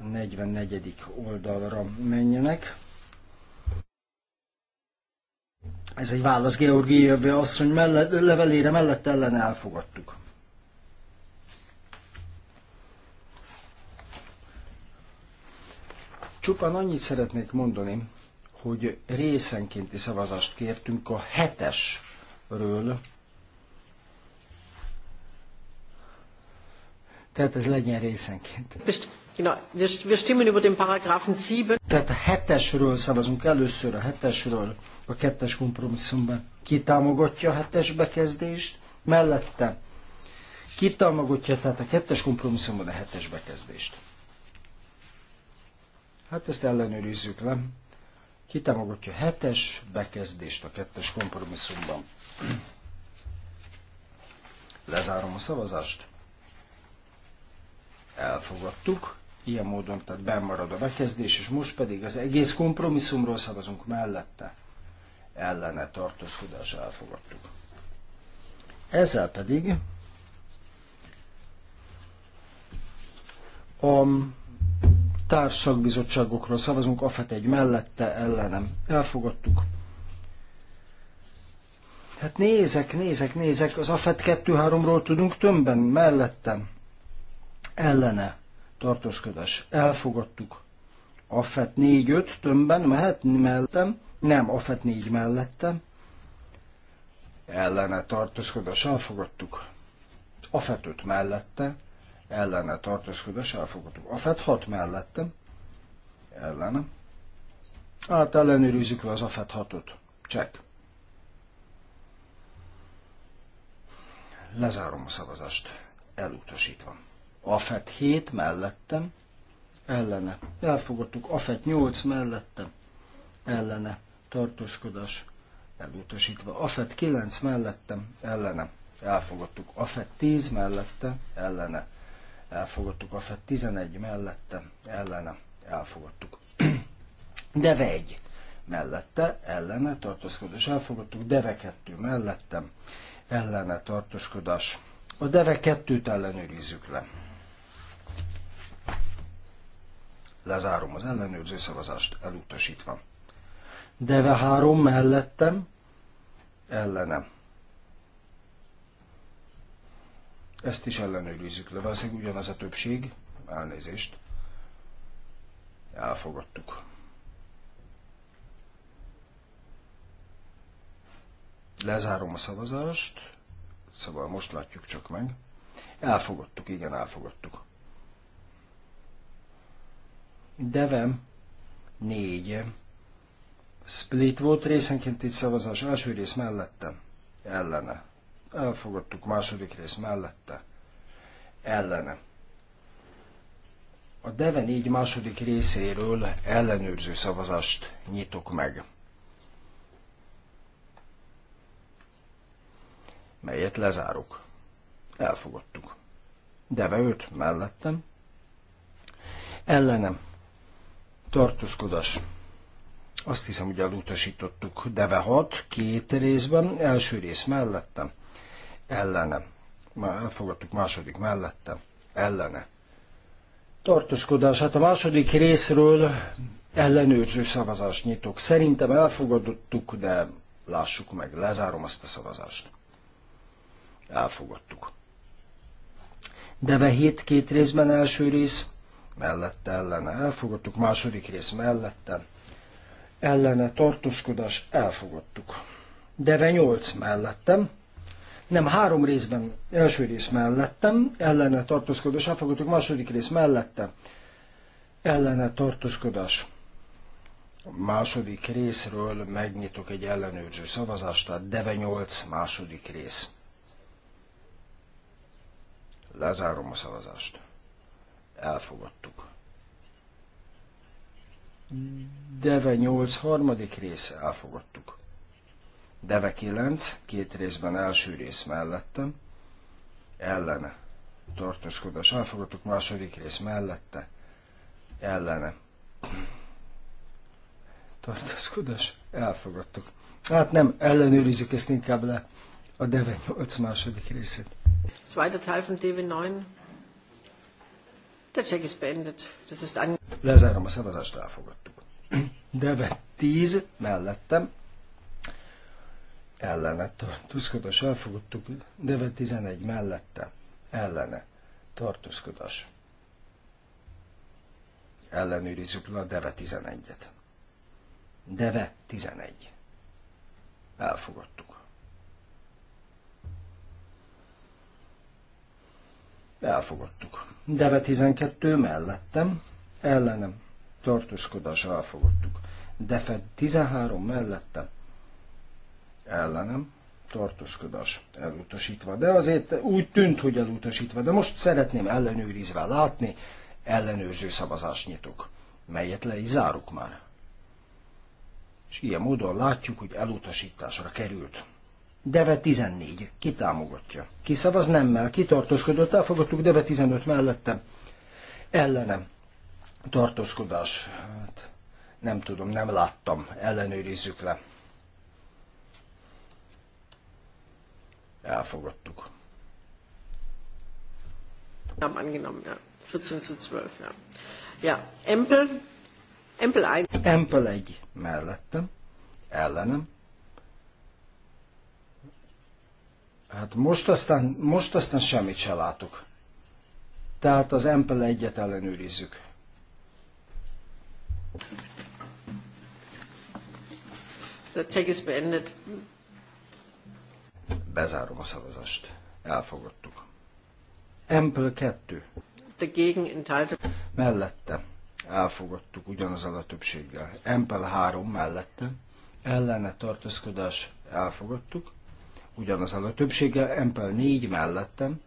a 44. oldalra menjenek. Ez egy válasz Georgiéve asszony mellett, levelére mellett ellen elfogadtuk. Csupán annyit szeretnék mondani, hogy részenkénti szavazást kértünk a hetesről, Tehát ez legyen részenként. Tehát a hetesről szavazunk először, a hetesről, a kettes kompromisszumban. Ki támogatja a hetes bekezdést? Mellette. Ki támogatja tehát a kettes kompromisszumban a hetes bekezdést? Hát ezt ellenőrizzük le. Ki támogatja a hetes bekezdést a kettes kompromisszumban? Lezárom a szavazást elfogadtuk, ilyen módon, tehát bemarad a bekezdés, és most pedig az egész kompromisszumról szavazunk mellette, ellene tartózkodás elfogadtuk. Ezzel pedig a társszakbizottságokról szavazunk, FET egy mellette, ellenem elfogadtuk. Hát nézek, nézek, nézek, az AFET 2-3-ról tudunk tömben, mellettem ellene tartózkodás elfogadtuk. Affet 4-5 tömbben mehet mellettem, nem, Affet 4 mellettem, ellene tartózkodás elfogadtuk. Affet 5 mellette, ellene tartózkodás elfogadtuk. Affet 6 mellettem. ellene. Hát ellenőrizzük le az Affet 6-ot. Check. Lezárom a szavazást. Elutasítva. AFET 7 mellettem, ellene. Elfogadtuk AFET 8 mellettem, ellene. Tartózkodás elutasítva. AFET 9 mellettem, ellene. Elfogadtuk AFET 10 mellette, ellene. Elfogadtuk AFET 11 mellette, ellene. Elfogadtuk. De vegy mellette, ellene tartózkodás. Elfogadtuk Deve 2 mellettem, ellene tartózkodás. A Deve 2-t ellenőrizzük le. Lezárom az ellenőrző szavazást, elutasítva. Deve három mellettem, ellenem. Ezt is ellenőrizzük le, valószínűleg ugyanaz a többség, elnézést, elfogadtuk. Lezárom a szavazást, szóval most látjuk csak meg. Elfogadtuk, igen, elfogadtuk. Devem négy. Split volt részenként itt szavazás első rész mellette, ellene. Elfogadtuk második rész mellette, ellene. A Deve 4 második részéről ellenőrző szavazást nyitok meg. melyet lezárok. Elfogadtuk. Deve 5 mellettem. Ellenem tartózkodás. Azt hiszem, hogy elutasítottuk. Deve 6, két részben, első rész mellette, ellene. Már elfogadtuk második mellette, ellene. Tartózkodás, hát a második részről ellenőrző szavazást nyitok. Szerintem elfogadottuk, de lássuk meg, lezárom azt a szavazást. Elfogadtuk. Deve 7, két részben, első rész, mellette ellene elfogadtuk, második rész mellette ellene tartózkodás elfogadtuk. Deve 8 mellettem, nem három részben, első rész mellettem, ellene tartózkodás elfogadtuk, második rész mellette ellene tartózkodás. A második részről megnyitok egy ellenőrző szavazást, tehát Deve 8 második rész. Lezárom a szavazást elfogadtuk. Deve 8 harmadik része elfogadtuk. Deve 9 két részben első rész mellettem, ellene tartózkodás elfogadtuk, második rész mellette, ellene tartózkodás elfogadtuk. Hát nem, ellenőrizzük ezt inkább le a Deve 8 második részét. Zweiter Teil von DV9 Der Check is beendet. Das ist an... Lezárom a szavazást, elfogadtuk. Deve 10 mellettem, ellene tartózkodás, elfogadtuk. Deve 11 mellette, ellene tartózkodás. Ellenőrizzük le a Deve 11-et. Deve 11. Elfogadtuk. Elfogadtuk. Deve 12 mellettem, ellenem, tartózkodás elfogadtuk. Defe 13 mellettem, ellenem, tartózkodás elutasítva. De azért úgy tűnt, hogy elutasítva, de most szeretném ellenőrizve látni, ellenőrző szavazást nyitok, melyet le is záruk már. És ilyen módon látjuk, hogy elutasításra került. Deve 14. Ki támogatja? Ki szavaz nemmel? Ki tartózkodott? Elfogadtuk Deve 15 mellette. Ellenem. Tartózkodás. Hát, nem tudom, nem láttam. Ellenőrizzük le. Elfogadtuk. Nem angenommen, ja. 14 zu 12, ja. Ja, Empel, Empel 1. Empel 1 mellettem, ellenem, Hát most aztán, most aztán semmit se látok. Tehát az Empele egyet ellenőrizzük. So check is beendet. Bezárom a szavazást. Elfogadtuk. Empel 2. E Dagegen enthalten. Mellette. Elfogadtuk ugyanazzal a többséggel. Empel 3 e mellette. Ellene tartózkodás. Elfogadtuk ugyanazzal a többséggel, Empel 4 mellettem,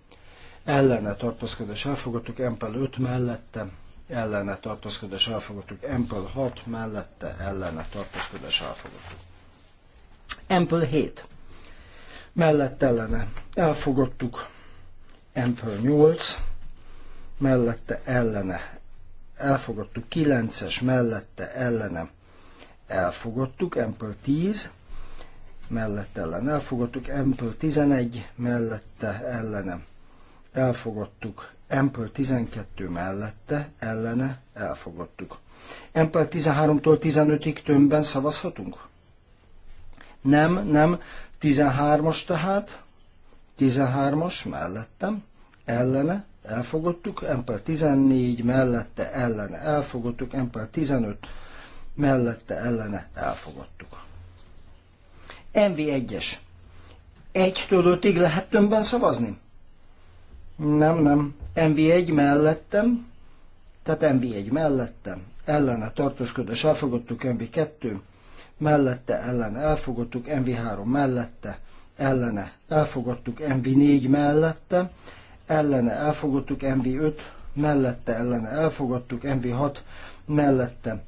ellene tartózkodás elfogadtuk, Empel 5 mellettem, ellene tartózkodás elfogadtuk, Empel 6 mellette, ellene tartózkodás elfogadtuk. Empel 7 mellett ellene elfogadtuk, Empel 8 mellette ellene elfogadtuk, 9-es mellette ellene elfogadtuk, Empel 10 mellette mellett ellen elfogadtuk, Ample 11 mellette ellene elfogadtuk, Ample 12 mellette ellene elfogadtuk. Ample 13-tól 15-ig tömbben szavazhatunk? Nem, nem, 13-as tehát, 13-as mellettem, ellene elfogadtuk, Ample 14 mellette ellene elfogadtuk, Ample 15 mellette ellene elfogadtuk. MV1-es. Egytől ötig lehet tömbben szavazni? Nem, nem. MV1 mellettem, tehát MV1 mellettem, ellene tartózkodás elfogadtuk, MV2 mellette, ellene elfogadtuk, MV3 mellette, ellene elfogadtuk, MV4 mellette, ellene elfogadtuk, MV5 mellette, ellene elfogadtuk, MV6 mellette,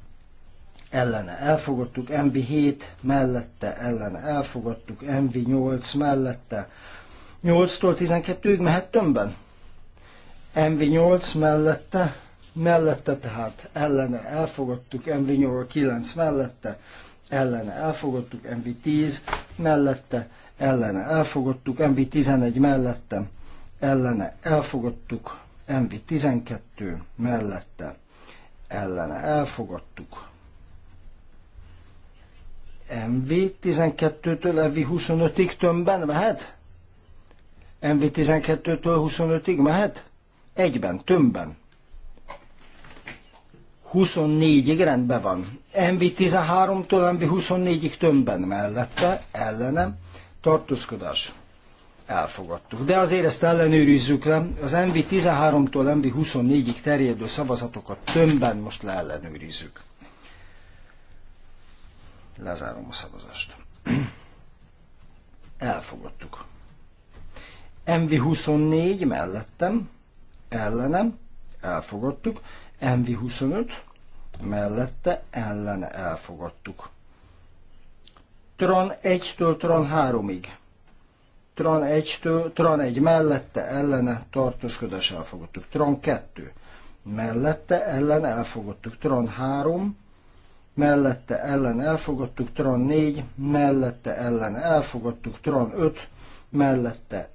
ellene elfogadtuk, mb 7 mellette ellene elfogadtuk, MV8 mellette 8-tól 12-ig mehet tömbben. MV8 mellette, mellette tehát ellene elfogadtuk, MV9 mellette, ellene elfogadtuk, MV10 mellette, ellene elfogadtuk, MV11 mellette, ellene elfogadtuk, MV12 mellette, ellene elfogadtuk, MV12-től MV25-ig tömbben mehet? MV12-től 25-ig mehet? Egyben, tömbben. 24-ig rendben van. MV13-től MV24-ig tömbben mellette, ellenem, tartózkodás. Elfogadtuk. De azért ezt ellenőrizzük le. Az MV13-tól MV24-ig terjedő szavazatokat tömbben most leellenőrizzük. Lezárom a szavazást. Elfogadtuk. MV24 mellettem, ellenem, elfogadtuk. MV25 mellette, ellene elfogadtuk. Tran 1-től Tran 3-ig. Tran 1-től, Tran 1 mellette, ellene, tartózkodás elfogadtuk. Tran 2 mellette, ellen elfogadtuk. Tran 3 mellette ellen elfogadtuk, Tron 4, mellette ellen elfogadtuk, Tron 5, mellette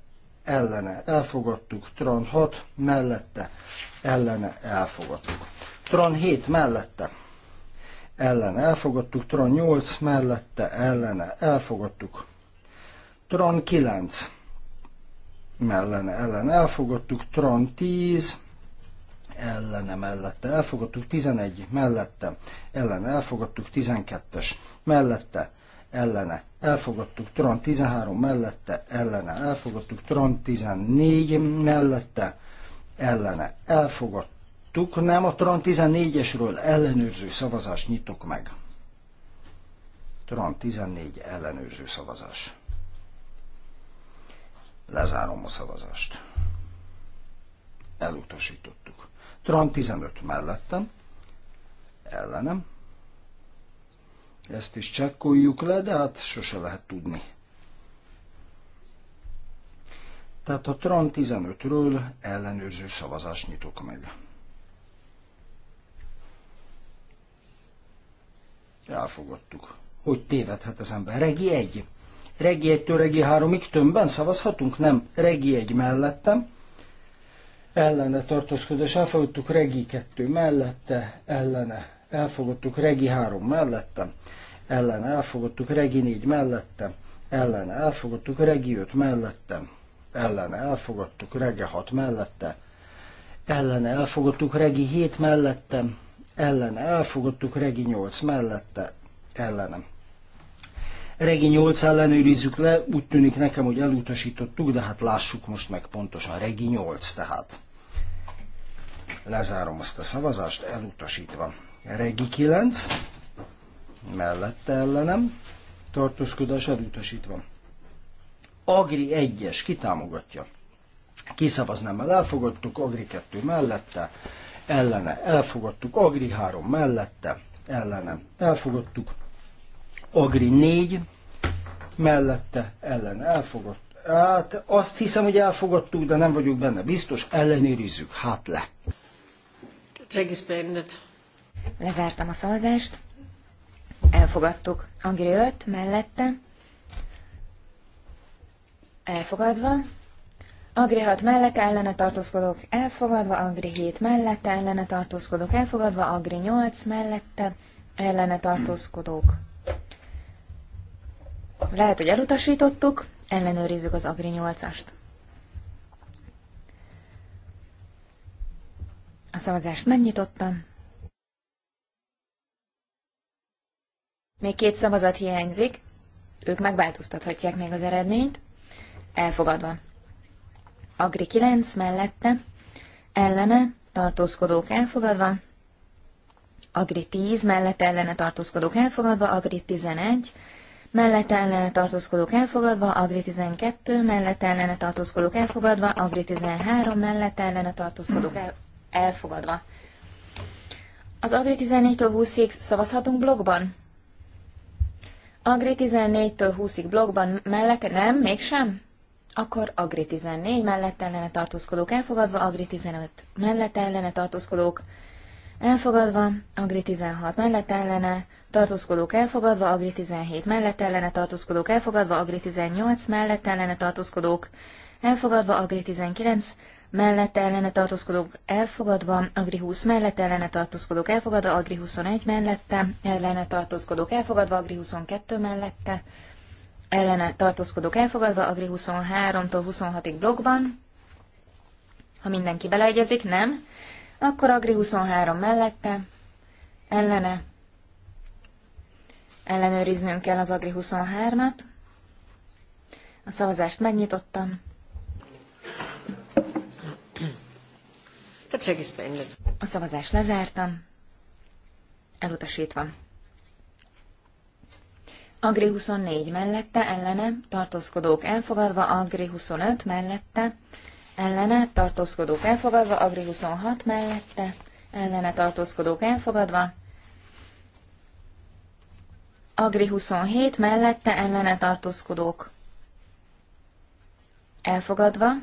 ellene elfogadtuk, Tron 6, mellette ellene elfogadtuk. Tron 7 mellette ellen elfogadtuk, Tron 8 mellette ellene elfogadtuk, Tron 9 mellene ellen elfogadtuk, Tron 10 ellene mellette elfogadtuk, 11 mellette ellene elfogadtuk, 12-es mellette ellene elfogadtuk, Tron 13 mellette ellene elfogadtuk, Tron 14 mellette ellene elfogadtuk, nem a Tron 14-esről ellenőrző szavazást nyitok meg. Tron 14 ellenőrző szavazás. Lezárom a szavazást. Elutasítottuk. Trump 15 mellettem, ellenem. Ezt is csekkoljuk le, de hát sose lehet tudni. Tehát a Tron 15-ről ellenőrző szavazást nyitok meg. Elfogadtuk. Hogy tévedhet az ember? Regi 1. Regi 1-től Regi 3-ig tömbben szavazhatunk? Nem. Regi 1 mellettem, ellene tartózkodó, és elfogadtuk, regi 2 mellette, ellene elfogadtuk, regi 3 mellette, ellene elfogadtuk, regi 4 mellette, ellene elfogadtuk, regi 5 mellette, ellene elfogadtuk, regi 6 mellette, ellene elfogadtuk, regi 7 mellette, ellene elfogadtuk, regi 8 mellette, ellene. Regi 8 ellenőrizzük le, úgy tűnik nekem, hogy elutasítottuk, de hát lássuk most meg pontosan. Regi 8 tehát. Lezárom azt a szavazást, elutasítva. Regi 9, mellette ellenem, tartózkodás elutasítva. Agri 1-es, kitámogatja. Kiszavaznám, nemmel elfogadtuk, Agri 2 mellette, ellene elfogadtuk, Agri 3 mellette, ellene elfogadtuk, Agri 4 mellette, ellene elfogadtuk. Hát azt hiszem, hogy elfogadtuk, de nem vagyok benne biztos, ellenőrizzük, hát le. Lezártam a szavazást. Elfogadtuk. Angri 5 mellette. Elfogadva. Agri 6 mellette ellene tartózkodok, elfogadva. Agri 7 mellette ellene tartózkodok, elfogadva. Agri 8 mellette ellene tartózkodók. Lehet, hogy elutasítottuk, ellenőrizzük az Agri 8-ast. A szavazást megnyitottam. Még két szavazat hiányzik, ők megváltoztathatják még az eredményt. Elfogadva. Agri 9 mellette, ellene, tartózkodók elfogadva, Agri 10 mellette ellene tartózkodók elfogadva, Agri 11 mellette ellene tartózkodók elfogadva, Agri 12 mellette ellene tartózkodók elfogadva, Agri 13 mellette ellene tartózkodók el elfogadva. Az Agri 14-től 20-ig szavazhatunk blogban? Agri 14-től 20-ig blogban mellette nem, mégsem? Akkor Agri 14 mellett ellene tartózkodók elfogadva, Agri 15 mellett ellene tartózkodók elfogadva, Agri 16 mellett ellene, tartózkodók elfogadva, Agri 17 mellett ellene, tartózkodók elfogadva, Agri 18 mellett ellene, tartózkodók elfogadva, Agri 19 mellette ellene tartózkodók elfogadva, Agri 20 mellette ellene tartózkodók elfogadva, Agri 21 mellette ellene tartózkodók elfogadva, Agri 22 mellette ellene tartózkodók elfogadva, Agri 23-tól 26-ig blogban. Ha mindenki beleegyezik, nem. Akkor Agri 23 mellette ellene ellenőriznünk kell az Agri 23-at. A szavazást megnyitottam. A szavazás lezártam. Elutasítva. Agri 24 mellette, ellene, tartózkodók elfogadva, Agri 25 mellette, ellene, tartózkodók elfogadva, Agri 26 mellette, ellene, tartózkodók elfogadva, Agri 27 mellette, ellene, tartózkodók elfogadva,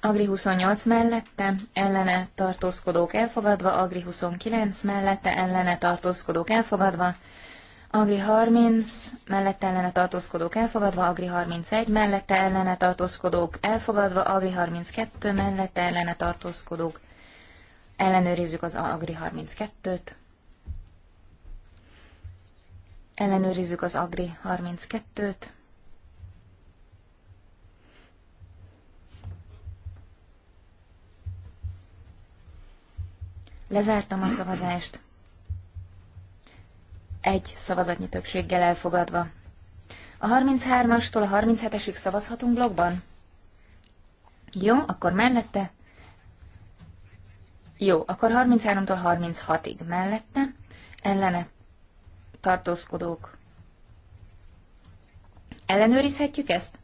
Agri 28 mellette, ellene tartózkodók elfogadva, Agri 29 mellette, ellene tartózkodók elfogadva, Agri 30 mellette ellene tartózkodók elfogadva, Agri 31 mellette ellene tartózkodók elfogadva, Agri 32 mellette ellene tartózkodók. Ellenőrizzük az Agri 32-t. Ellenőrizzük az Agri 32-t. Lezártam a szavazást. Egy szavazatnyi többséggel elfogadva. A 33-astól a 37-esig szavazhatunk blogban? Jó, akkor mellette. Jó, akkor 33-tól 36-ig mellette. Ellene tartózkodók. Ellenőrizhetjük ezt?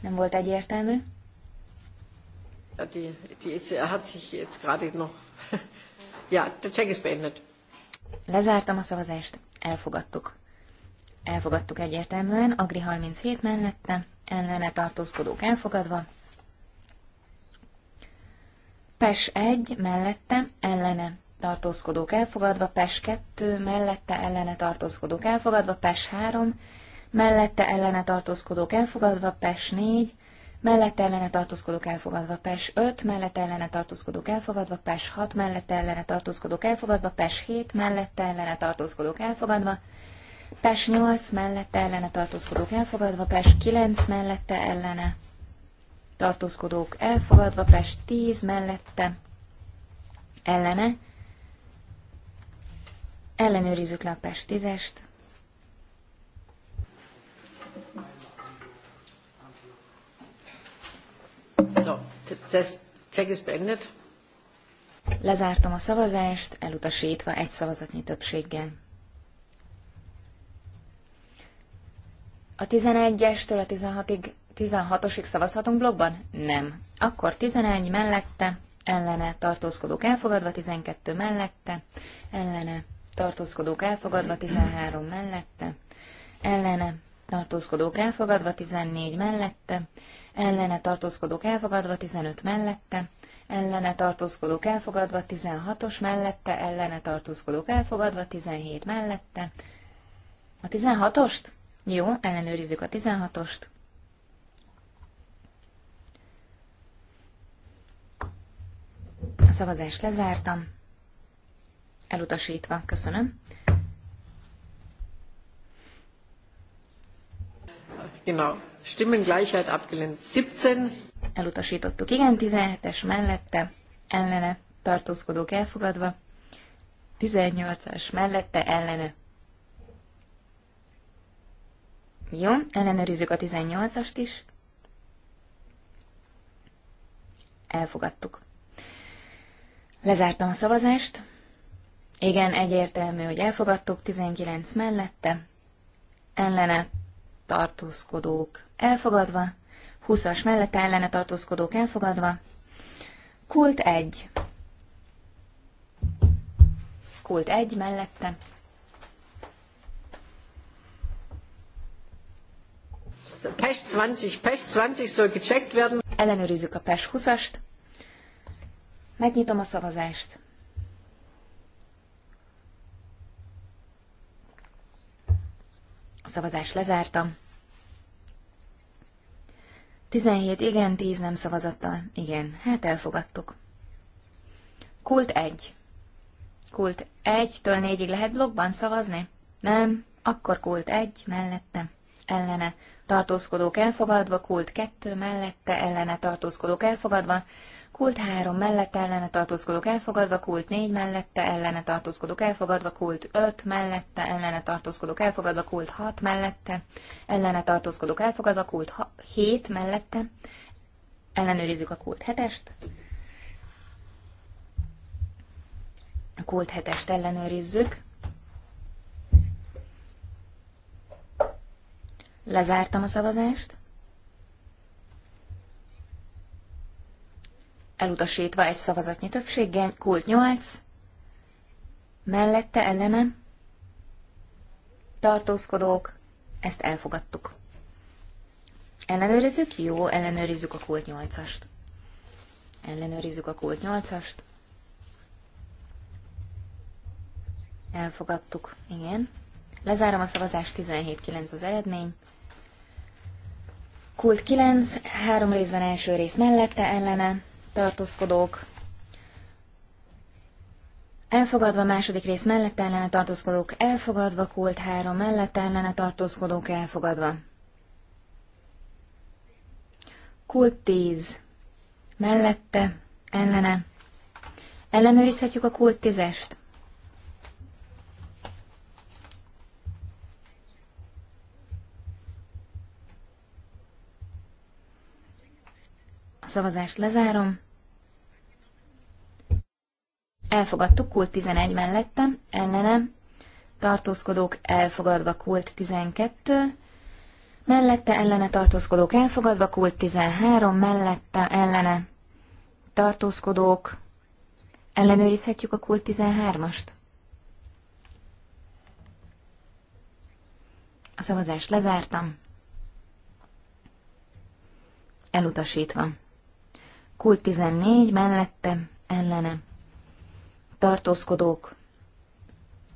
Nem volt egyértelmű. Die, die ECR hat sich jetzt gerade noch Ja, the check is beendet. Lezártam a szavazást, elfogadtuk. Elfogadtuk egyértelműen, Agri 37 mellette, ellene tartózkodók elfogadva. PES 1 mellette, ellene tartózkodók elfogadva, PES 2 mellette, ellene tartózkodók elfogadva, PES 3 mellette, ellene tartózkodók elfogadva, PES 4 mellett ellene tartózkodok elfogadva PES 5, mellett ellene tartózkodok elfogadva PES 6, mellett ellene tartózkodok elfogadva PES 7, mellett ellene tartózkodok elfogadva PES 8, mellett ellene tartózkodok elfogadva PES 9, mellette ellene tartózkodók elfogadva PES 10, mellette ellene ellenőrizzük le a PES 10-est, So, das check is beendet. Lezártam a szavazást, elutasítva egy szavazatnyi többséggel. A 11-estől a 16-ig 16-osig szavazhatunk blogban? Nem. Akkor 11 mellette, ellene tartózkodók elfogadva, 12 mellette, ellene tartózkodók elfogadva, 13 mellette, ellene tartózkodók elfogadva, 14 mellette, ellene tartózkodók elfogadva, 15 mellette, ellene tartózkodók elfogadva, 16-os mellette, ellene tartózkodók elfogadva, 17 mellette. A 16-ost? Jó, ellenőrizzük a 16-ost. A szavazást lezártam. Elutasítva, köszönöm. Genau. Stimmengleichheit abgelehnt. 17. Elutasítottuk. Igen, 17-es mellette, ellene, tartózkodók elfogadva. 18-as mellette, ellene. Jó, ellenőrizzük a 18-ast is. Elfogadtuk. Lezártam a szavazást. Igen, egyértelmű, hogy elfogadtuk, 19 mellette, ellene tartózkodók elfogadva, 20-as mellett ellene tartózkodók elfogadva, kult 1, kult 1 mellette, Pest 20, Pest 20 soll gecheckt werden. Ellenőrizzük a Pest 20-ast. Megnyitom a szavazást. A szavazás lezárta. 17 igen, 10 nem szavazattal. Igen, hát elfogadtuk. Kult 1. Kult 1-től 4-ig lehet blogban szavazni? Nem, akkor kult 1 mellette, ellene tartózkodók elfogadva, kult 2 mellette, ellene tartózkodók elfogadva, Kult 3 mellette ellene tartózkodok elfogadva, kult 4 mellette ellene tartózkodok elfogadva, kult 5 mellette ellene tartózkodok elfogadva, kult 6 mellette ellene tartózkodok elfogadva, kult 7 mellette ellenőrizzük a kult 7-est. A kult 7-est ellenőrizzük. Lezártam a szavazást. elutasítva egy szavazatnyi többséggel, kult 8, mellette ellene tartózkodók, ezt elfogadtuk. Ellenőrizzük? Jó, ellenőrizzük a kult 8-ast. Ellenőrizzük a kult 8-ast. Elfogadtuk, igen. Lezárom a szavazást, 17-9 az eredmény. Kult 9, három részben első rész mellette, ellene, tartózkodók. Elfogadva második rész mellett ellene tartózkodók, elfogadva kult három mellett ellene tartózkodók, elfogadva. Kult 10 mellette, ellene. Ellenőrizhetjük a kult tízest. A szavazást lezárom. Elfogadtuk kult 11 mellettem, ellenem tartózkodók elfogadva kult 12, mellette ellene tartózkodók elfogadva kult 13, mellette ellene tartózkodók, ellenőrizhetjük a kult 13-ast. A szavazást lezártam. Elutasítva. Kult 14, mellette, ellene tartózkodók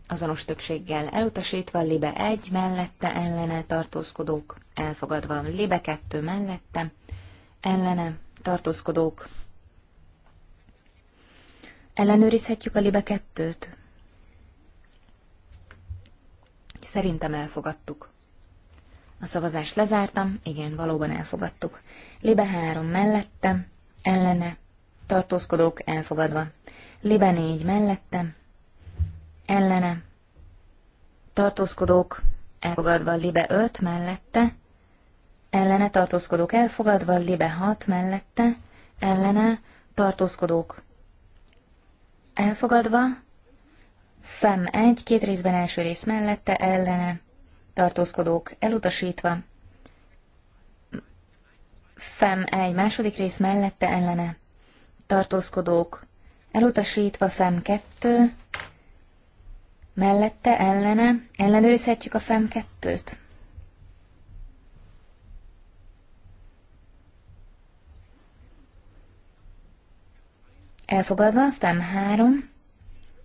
azonos többséggel elutasítva, Libe egy mellette ellene tartózkodók elfogadva, Libe kettő mellette ellene tartózkodók. Ellenőrizhetjük a Libe kettőt. Szerintem elfogadtuk. A szavazást lezártam, igen, valóban elfogadtuk. Libe három mellette, ellene, tartózkodók elfogadva. Libe négy mellette, ellene, tartózkodók elfogadva, Libe öt mellette, ellene tartózkodók elfogadva, Libe hat mellette, ellene tartózkodók elfogadva, FEM egy két részben első rész mellette, ellene tartózkodók elutasítva, FEM egy második rész mellette, ellene tartózkodók elutasítva FEM 2, mellette, ellene, ellenőrizhetjük a FEM 2-t. Elfogadva, FEM 3,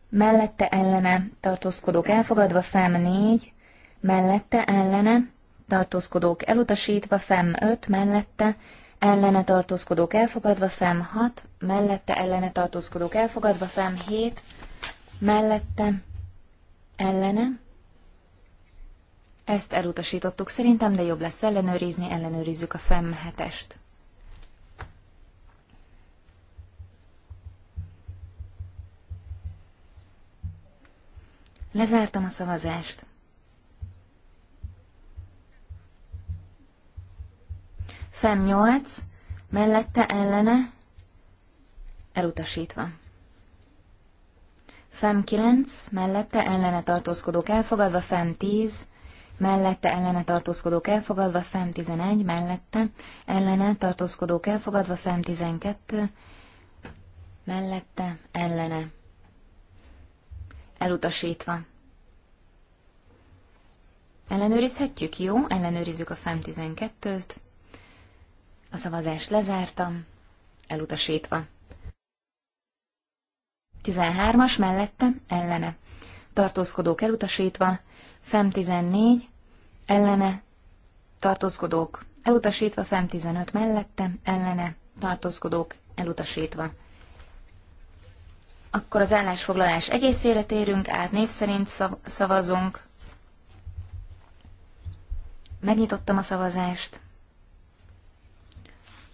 mellette, ellene, tartózkodók elfogadva, FEM 4, mellette, ellene, tartózkodók elutasítva, FEM 5, mellette, ellene tartózkodók elfogadva, fem 6, mellette ellene tartózkodók elfogadva, fem 7, mellette ellene. Ezt elutasítottuk szerintem, de jobb lesz ellenőrizni, ellenőrizzük a fem 7-est. Lezártam a szavazást. FEM 8, mellette ellene elutasítva. FEM 9, mellette ellene tartózkodók elfogadva, FEM 10, mellette ellene tartózkodók elfogadva, FEM 11, mellette ellene tartózkodók elfogadva, FEM 12, mellette ellene elutasítva. Ellenőrizhetjük? Jó, ellenőrizzük a FEM 12-t. A szavazást lezártam, elutasítva. 13-as mellette, ellene. Tartózkodók elutasítva, FEM 14, ellene. Tartózkodók elutasítva, FEM 15 mellette, ellene. Tartózkodók elutasítva. Akkor az állásfoglalás egészére térünk, át név szerint szavazunk. Megnyitottam a szavazást.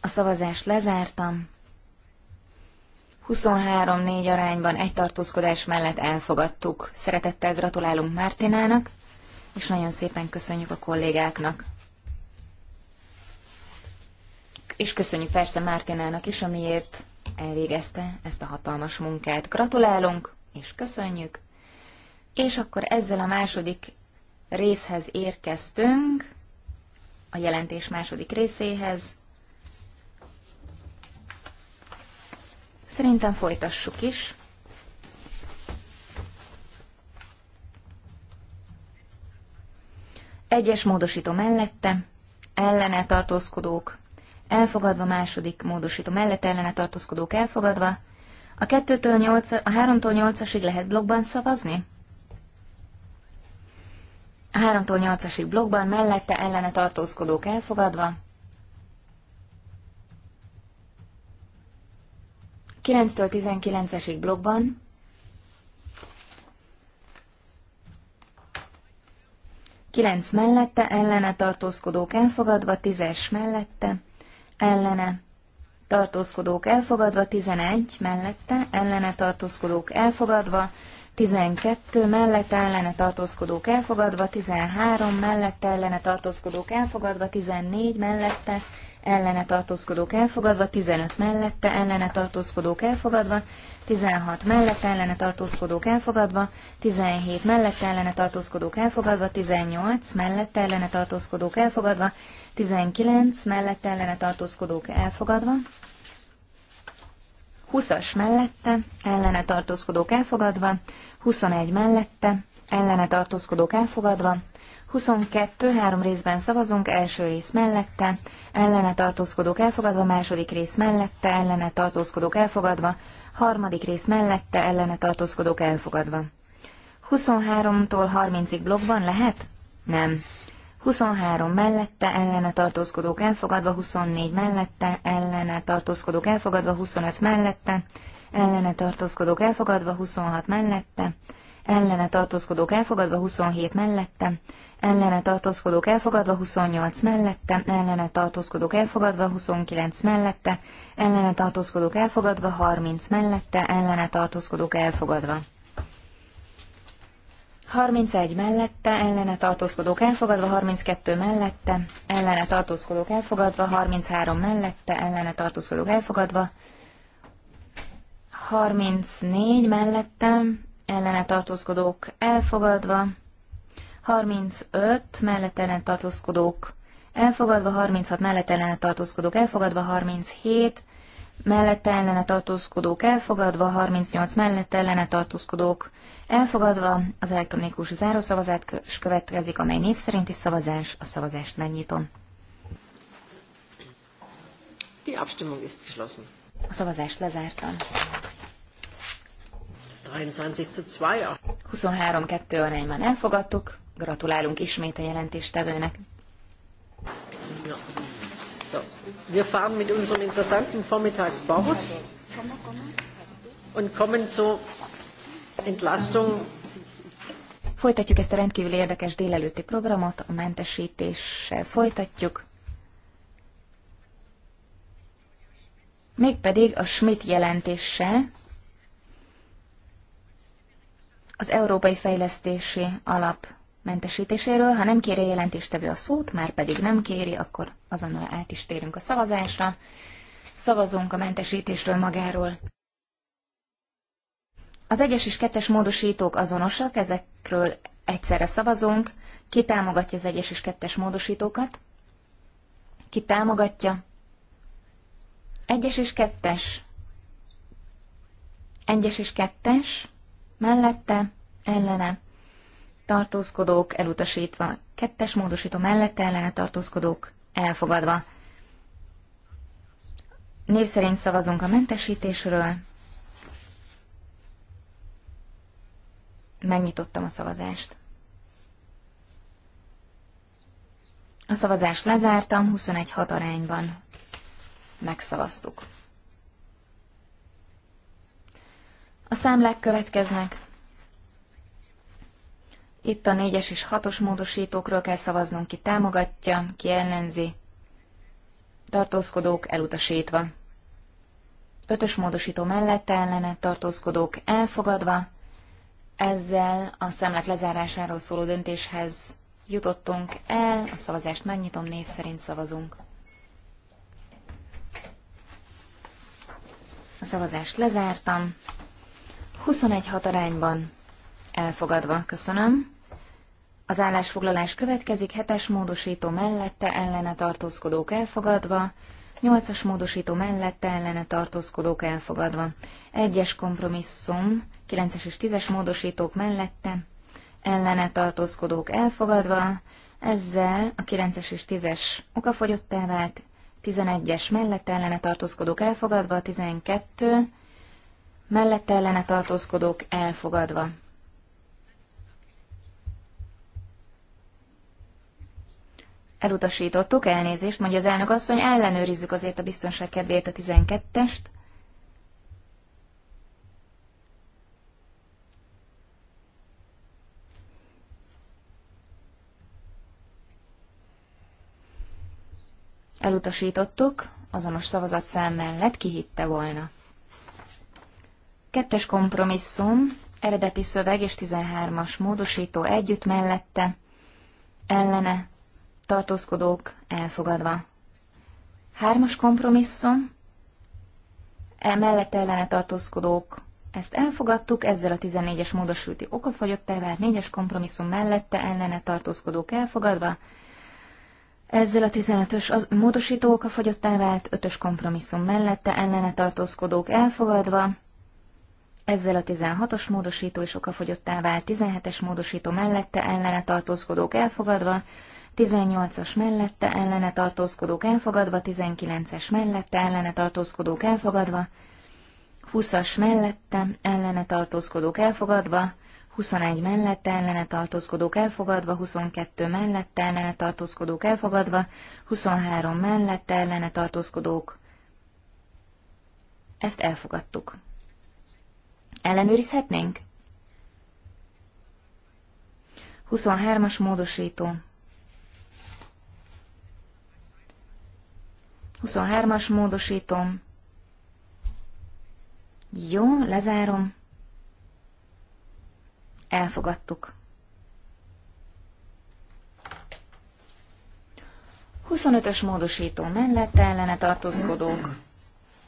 A szavazást lezártam. 23-4 arányban egy tartózkodás mellett elfogadtuk. Szeretettel gratulálunk Mártinának, és nagyon szépen köszönjük a kollégáknak. És köszönjük persze Mártinának is, amiért elvégezte ezt a hatalmas munkát. Gratulálunk, és köszönjük. És akkor ezzel a második részhez érkeztünk, a jelentés második részéhez. Szerintem folytassuk is. Egyes módosító mellette, ellene tartózkodók, elfogadva második módosító mellett ellene tartózkodók elfogadva. A 2-től 8, a 3-tól 8-asig lehet blogban szavazni? A 3-tól 8-asig blogban mellette ellene tartózkodók elfogadva. 9-től 19-esig blogban. Kilenc mellette, ellene tartózkodók elfogadva, tízes mellette, ellene tartózkodók elfogadva, tizenegy mellette, ellene tartózkodók elfogadva, tizenkettő mellette ellene tartózkodók elfogadva, tizenhárom mellette ellene tartózkodók elfogadva, tizennégy mellette ellene tartózkodók elfogadva, 15 mellette ellene tartózkodók elfogadva, 16 mellette ellene tartózkodók elfogadva, 17 mellette ellene tartózkodók elfogadva, 18 mellette ellene tartózkodók elfogadva, 19 mellette ellene tartózkodók elfogadva, 20-as mellette ellene tartózkodók elfogadva, 21 mellette ellene tartózkodók elfogadva, 22, három részben szavazunk, első rész mellette, ellene tartózkodók elfogadva, második rész mellette, ellene tartózkodók elfogadva, harmadik rész mellette, ellene tartózkodók elfogadva. 23-tól 30-ig blokkban lehet? Nem. 23 mellette, ellene tartózkodók elfogadva, 24 mellette, ellene tartózkodók elfogadva, 25 mellette, ellene tartózkodók elfogadva, 26 mellette, ellene tartózkodók elfogadva, 27 mellette, ellene tartózkodók elfogadva, 28 mellette, ellene tartózkodók elfogadva, 29 mellette, ellene tartózkodók elfogadva, 30 mellette, ellene tartózkodók elfogadva. 31 mellette, ellene tartózkodók elfogadva, 32 mellette, ellene tartózkodók elfogadva, 33 mellette, ellene tartózkodók elfogadva, 34 mellette, ellene tartózkodók elfogadva, 35 mellettelen tartózkodók elfogadva, 36 mellettelen tartózkodók elfogadva, 37 mellette ellene tartózkodók elfogadva, 38 mellette ellene tartózkodók elfogadva, az elektronikus zárószavazás következik, amely név szerinti szavazás, a szavazást megnyitom. Die Abstimmung ist geschlossen. A szavazást lezártam. 23 zu 2 23-2 arányban elfogadtuk. Gratulálunk ismét a jelentéstevőnek. Ja. So, wir fahren mit unserem interessanten Vormittag fort und kommen zur Entlastung. Folytatjuk ezt a rendkívül érdekes délelőtti programot, a mentesítéssel folytatjuk. Mégpedig a Schmidt jelentéssel, az Európai Fejlesztési Alap mentesítéséről. Ha nem kéri jelentést jelentéstevő a szót, már pedig nem kéri, akkor azonnal át is térünk a szavazásra. Szavazunk a mentesítésről magáról. Az egyes és kettes módosítók azonosak, ezekről egyszerre szavazunk. Ki támogatja az egyes és kettes módosítókat? Ki támogatja? Egyes és kettes. Egyes és kettes. Mellette, ellene, tartózkodók elutasítva, kettes módosító mellette ellene tartózkodók elfogadva. Név szerint szavazunk a mentesítésről. Megnyitottam a szavazást. A szavazást lezártam, 21-6 arányban megszavaztuk. A számlák következnek. Itt a négyes és hatos módosítókról kell szavaznunk, ki támogatja, ki ellenzi. Tartózkodók elutasítva. Ötös módosító mellette ellene tartózkodók elfogadva. Ezzel a szemlek lezárásáról szóló döntéshez jutottunk el. A szavazást megnyitom, név szerint szavazunk. A szavazást lezártam. 21 hat arányban Elfogadva, köszönöm. Az állásfoglalás következik, hetes módosító mellette ellene tartózkodók elfogadva, nyolcas módosító mellette ellene tartózkodók elfogadva, egyes kompromisszum, kilences és tízes módosítók mellette ellene tartózkodók elfogadva, ezzel a kilences és tízes okafogyottá vált, tizenegyes mellette ellene tartózkodók elfogadva, tizenkettő mellette ellene tartózkodók elfogadva. Elutasítottuk, elnézést, mondja az elnök asszony, ellenőrizzük azért a biztonság kedvéért a 12-est. Elutasítottuk, azonos szavazatszám mellett kihitte volna. Kettes kompromisszum, eredeti szöveg és 13-as módosító együtt mellette, ellene tartózkodók elfogadva. Hármas kompromisszum, emellett ellene tartózkodók, ezt elfogadtuk, ezzel a 14-es módosíti okafogyottá vált, 4-es kompromisszum mellette ellene tartózkodók elfogadva, ezzel a 15-ös az módosító okafogyottá elvált, 5-ös kompromisszum mellette ellene tartózkodók elfogadva, ezzel a 16-os módosító is okafogyottá elvált, 17-es módosító mellette ellene tartózkodók elfogadva, 18-as mellette ellene tartózkodók elfogadva, 19-es mellette ellene tartózkodók elfogadva, 20-as mellette ellene tartózkodók elfogadva, 21 mellette ellene tartózkodók elfogadva, 22 mellette ellene tartózkodók elfogadva, 23 mellette ellene tartózkodók. Ezt elfogadtuk. Ellenőrizhetnénk? 23-as módosító. 23-as módosítom. Jó, lezárom. Elfogadtuk. 25-ös módosító mellette ellene tartózkodók.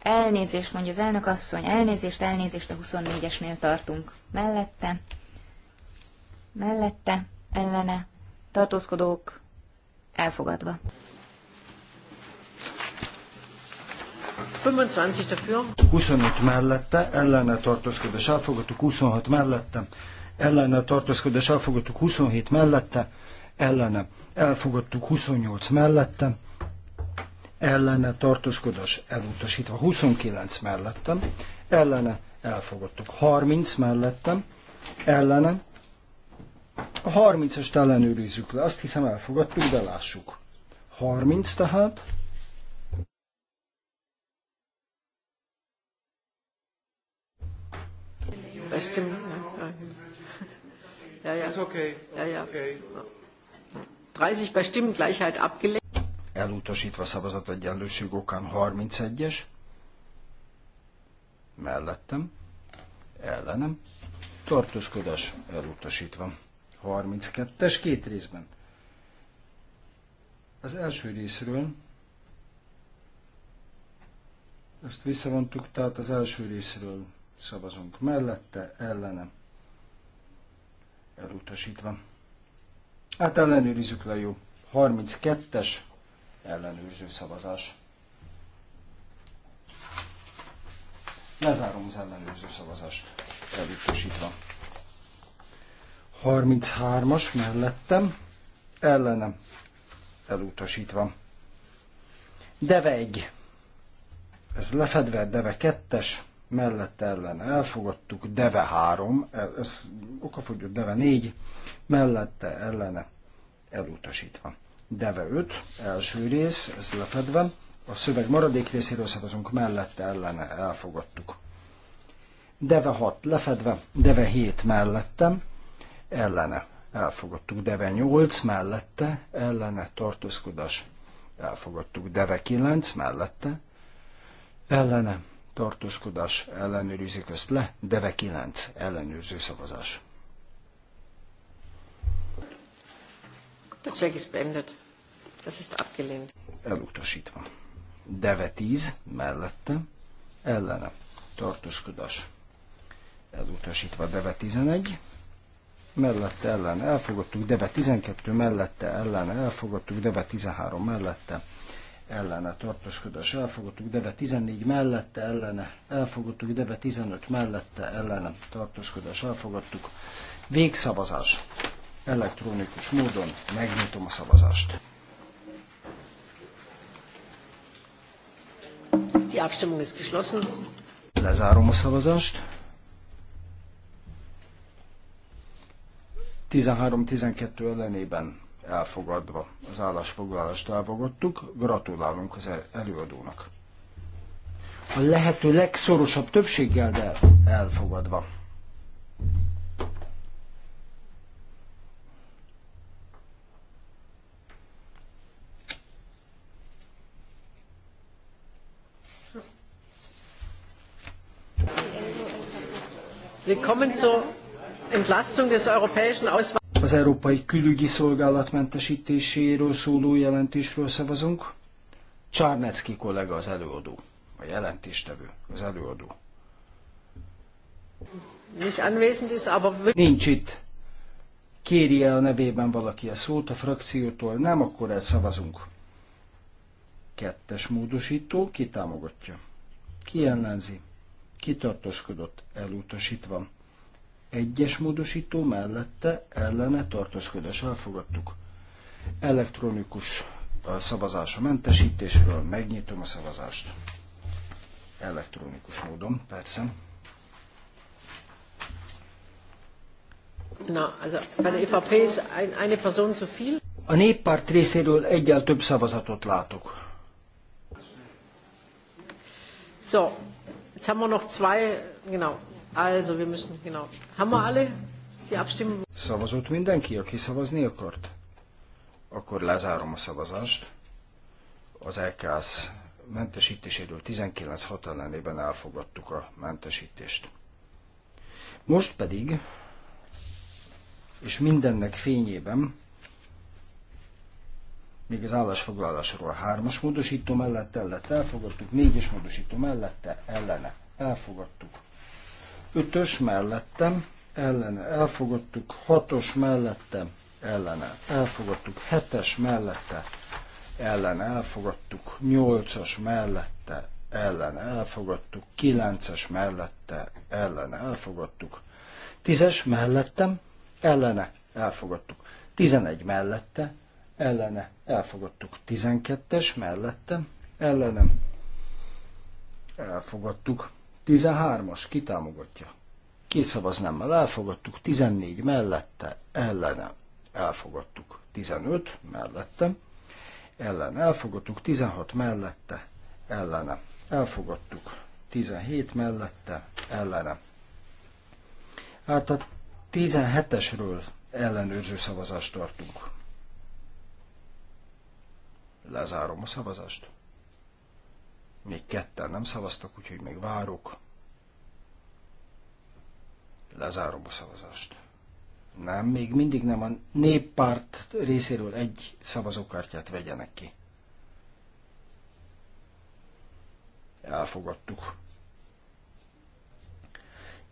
Elnézést mondja az elnök asszony, elnézést, elnézést a 24-esnél tartunk. Mellette, mellette, ellene, tartózkodók, elfogadva. 25 dafür. 25 mellette, ellene tartózkodás elfogadtuk, 26 mellette, ellene tartózkodás elfogadtuk, 27 mellette, ellene elfogadtuk, 28 mellette, ellene tartózkodás elutasítva, 29 mellette, ellene elfogadtuk, 30 mellette, ellene, a 30-est ellenőrizzük le, azt hiszem elfogadtuk, de lássuk. 30 tehát, Das stimmt. Ja, ja. okay. Ja, ja. Okay. 30 bei Stimmengleichheit abgelehnt. Elutasítva szavazat egyenlőség okán 31-es. Mellettem. Ellenem. Tartózkodás elutasítva. 32-es két részben. Az első részről ezt visszavontuk, tehát az első részről szavazunk mellette, ellenem, elutasítva. Hát ellenőrizzük le, jó. 32-es ellenőrző szavazás. Lezárom az ellenőrző szavazást, elutasítva. 33-as mellettem, ellenem, elutasítva. Deve 1. Ez lefedve, deve 2-es, mellett ellen elfogadtuk, Deve 3, e, ez okafogyó Deve 4, mellette ellene elutasítva. Deve 5, első rész, ez lefedve, a szöveg maradék részéről szavazunk, mellette ellene elfogadtuk. Deve 6 lefedve, Deve 7 mellettem, ellene elfogadtuk. Deve 8 mellette, ellene tartózkodás elfogadtuk. Deve 9 mellette, ellene tartózkodás ellenőrizik ezt le, deve 9 ellenőrző szavazás. Das ist abgelehnt. Elutasítva. Deve 10 mellette, ellene tartózkodás. Elutasítva Deve 11, mellette ellen elfogadtuk, Deve 12 mellette ellen elfogadtuk, Deve 13 mellette ellene tartózkodás elfogadtuk, deve 14 mellette ellene elfogadtuk, deve 15 mellette ellene tartózkodás elfogadtuk. Végszavazás. Elektronikus módon megnyitom a szavazást. Die Abstimmung ist geschlossen. Lezárom a szavazást. 13-12 ellenében elfogadva az állásfoglalást elfogadtuk. Gratulálunk az előadónak. A lehető legszorosabb többséggel, de elfogadva. Willkommen zur Entlastung des europäischen Auswahl az Európai Külügyi Szolgálat mentesítéséről szóló jelentésről szavazunk. Csárnecki kollega az előadó, a jelentéstevő, az előadó. Nincs itt. Kéri el a nevében valaki a szót a frakciótól? Nem, akkor elszavazunk. Kettes módosító, ki támogatja? Ki ellenzi? Ki tartózkodott? Elutasítva. Egyes módosító mellette ellene tartózkodás elfogadtuk. Elektronikus szavazás a mentesítésről, megnyitom a szavazást. Elektronikus módon, persze. Na, also bei der EVP ist ein, eine Person zu viel. A néppárt részéről egyel több szavazatot látok. So, jetzt haben wir noch zwei, genau, Also, wir müssen, genau. Haben wir alle die Abstimmung? Szavazott mindenki, aki szavazni akart? Akkor lezárom a szavazást. Az EKSZ mentesítéséről 19 hat ellenében elfogadtuk a mentesítést. Most pedig, és mindennek fényében, még az állásfoglalásról hármas módosító mellett ellette elfogadtuk, négyes módosító mellette ellene elfogadtuk. Ötös mellettem, ellene elfogadtuk, hatos mellettem, ellene elfogadtuk, hetes mellette, ellene elfogadtuk, nyolcas mellette, ellene elfogadtuk, kilences mellette, ellene elfogadtuk, tízes mellettem, ellene elfogadtuk, tizenegy mellette, ellene elfogadtuk, tizenkettes mellette, ellenem elfogadtuk, 13-as kitámogatja. Kétszavaz nemmel elfogadtuk, 14 mellette, ellene elfogadtuk, 15 mellette, ellen elfogadtuk, 16 mellette, ellene elfogadtuk, 17 mellette, ellene. Hát a 17-esről ellenőrző szavazást tartunk. Lezárom a szavazást. Még ketten nem szavaztak, úgyhogy még várok. Lezárom a szavazást. Nem, még mindig nem a néppárt részéről egy szavazókártyát vegyenek ki. Elfogadtuk.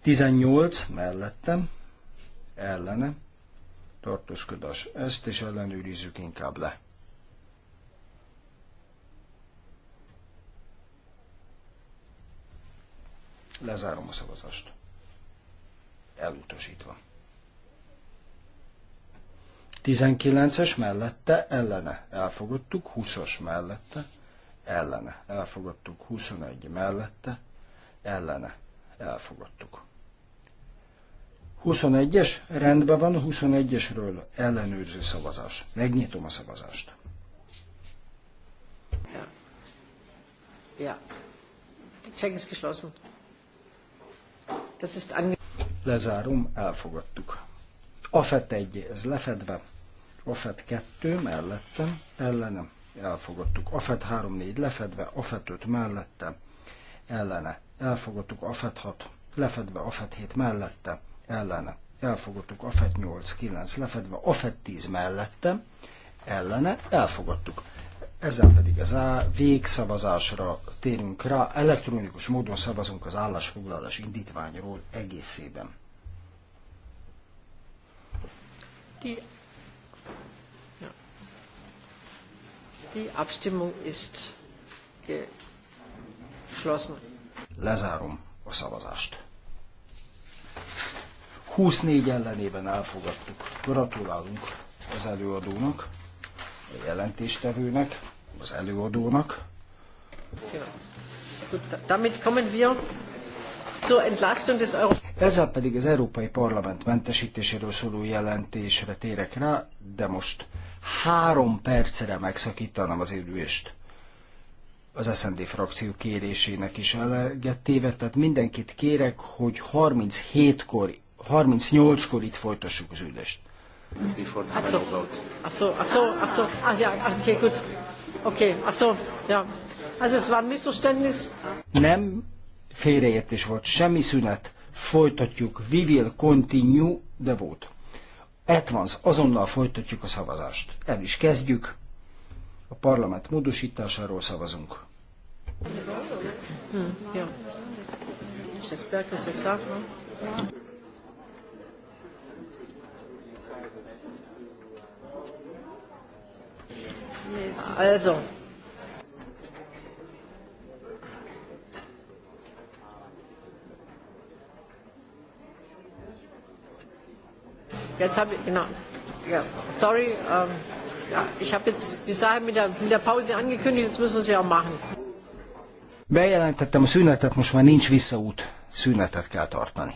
18 mellettem, ellene, tartózkodás. Ezt is ellenőrizzük inkább le. Lezárom a szavazást. Elutasítva. 19-es mellette ellene elfogadtuk, 20-as mellette ellene elfogadtuk, 21 mellette ellene elfogadtuk. 21-es, rendben van, 21-esről ellenőrző szavazás. Megnyitom a szavazást. Ja. Ja. Die Check ist geschlossen. Lezárom, elfogadtuk. Afet 1, ez lefedve. Afet 2, mellettem, ellenem, elfogadtuk. Afet 3, 4, lefedve. Afet 5, mellette, ellene, elfogadtuk. Afet 6, lefedve. Afet 7, mellette, ellene, elfogadtuk. Afet 8, 9, lefedve. Afet 10, mellette, ellene, elfogadtuk. Ezzel pedig az A végszavazásra térünk rá. Elektronikus módon szavazunk az állásfoglalás indítványról egészében. Die, ja. Die Abstimmung ist geschlossen. Lezárom a szavazást. 24 ellenében elfogadtuk. Gratulálunk az előadónak, a jelentéstevőnek az előadónak. Ezzel pedig az Európai Parlament mentesítéséről szóló jelentésre térek rá, de most három percre megszakítanám az ülést. Az SND frakció kérésének is eleget téve, tehát mindenkit kérek, hogy 37-kor, 38-kor itt folytassuk az ülést. Before the final vote. szó, achso, szó, achso, szó, okay, gut. Oké, okay, ja. Also es war Nem félreértés volt, semmi szünet. Folytatjuk. We will continue the vote. Advance, azonnal folytatjuk a szavazást. El is kezdjük. A parlament módosításáról szavazunk. Hmm, ja. J'espère que c'est ça. Also. Jetzt habe ich, genau. Ja, sorry, ähm, ja, ich habe jetzt die Sache mit der, mit der Pause angekündigt, jetzt müssen wir sie auch machen. Bejelentettem a szünetet, most már nincs visszaút, szünetet kell tartani.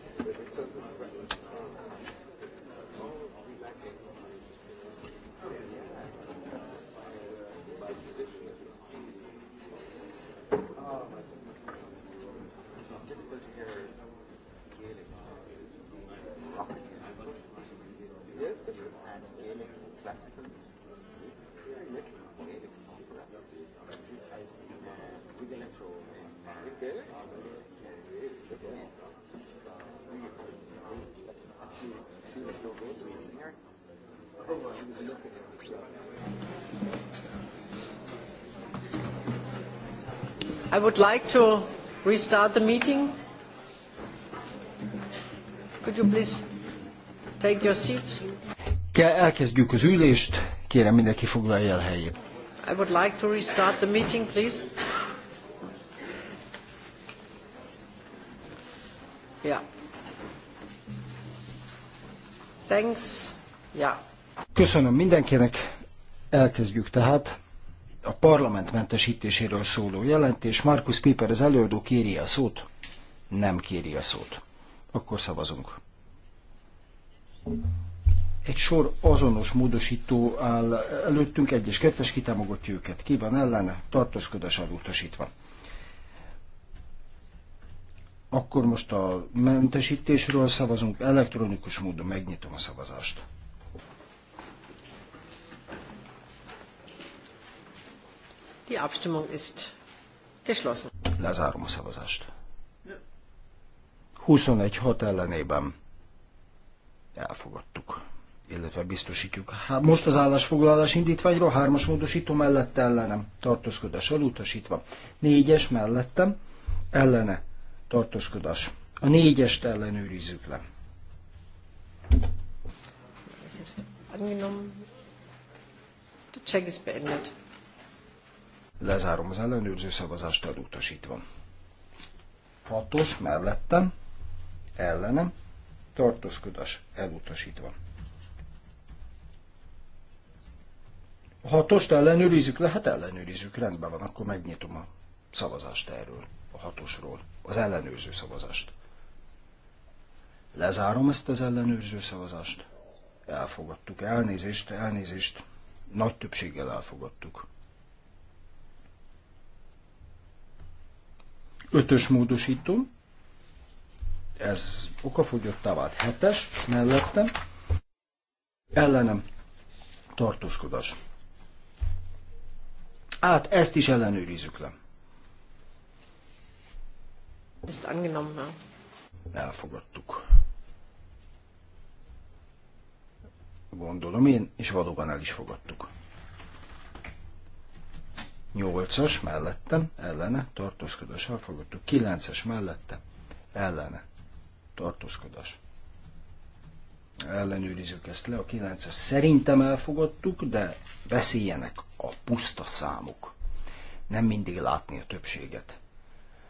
I would like to restart the meeting. Could you please take your seats? Elkezdjük az ülést. Kérem mindenki foglalja el helyét. I would like to restart the meeting, please. Yeah. Thanks. Yeah. Köszönöm mindenkinek. Elkezdjük tehát a parlament mentesítéséről szóló jelentés. Markus Piper az előadó kéri a szót? Nem kéri a szót. Akkor szavazunk. Egy sor azonos módosító áll előttünk, egy és kettes kitámogatja őket. Ki van ellene? Tartózkodás elutasítva. Akkor most a mentesítésről szavazunk, elektronikus módon megnyitom a szavazást. Die Abstimmung ist geschlossen. Lezárom a szavazást. 21-6 ellenében elfogadtuk, illetve biztosítjuk. Hát most az állásfoglalás indítványról hármas módosító mellett ellenem tartózkodás elutasítva. Négyes mellettem ellene tartózkodás. A négyest ellenőrizzük le. Das ist angenommen. Der Check ist beendet. Lezárom az ellenőrző szavazást elutasítva. Hatos mellettem, ellenem, tartózkodás elutasítva. A hatost ellenőrizzük lehet ellenőrizzük, rendben van, akkor megnyitom a szavazást erről, a hatosról, az ellenőrző szavazást. Lezárom ezt az ellenőrző szavazást. Elfogadtuk, elnézést, elnézést, nagy többséggel elfogadtuk. Ötös módosító, ez okafogyottá vált. Hetes, mellettem, ellenem, tartózkodás. Át ezt is ellenőrizzük le. Ezt Elfogadtuk. Gondolom én, és valóban el is fogadtuk. 8-as mellette, ellene, tartózkodás elfogadtuk. 9-es mellette, ellene, tartózkodás. Ellenőrizzük ezt le, a 9-es szerintem elfogadtuk, de beszéljenek a puszta számok. Nem mindig látni a többséget.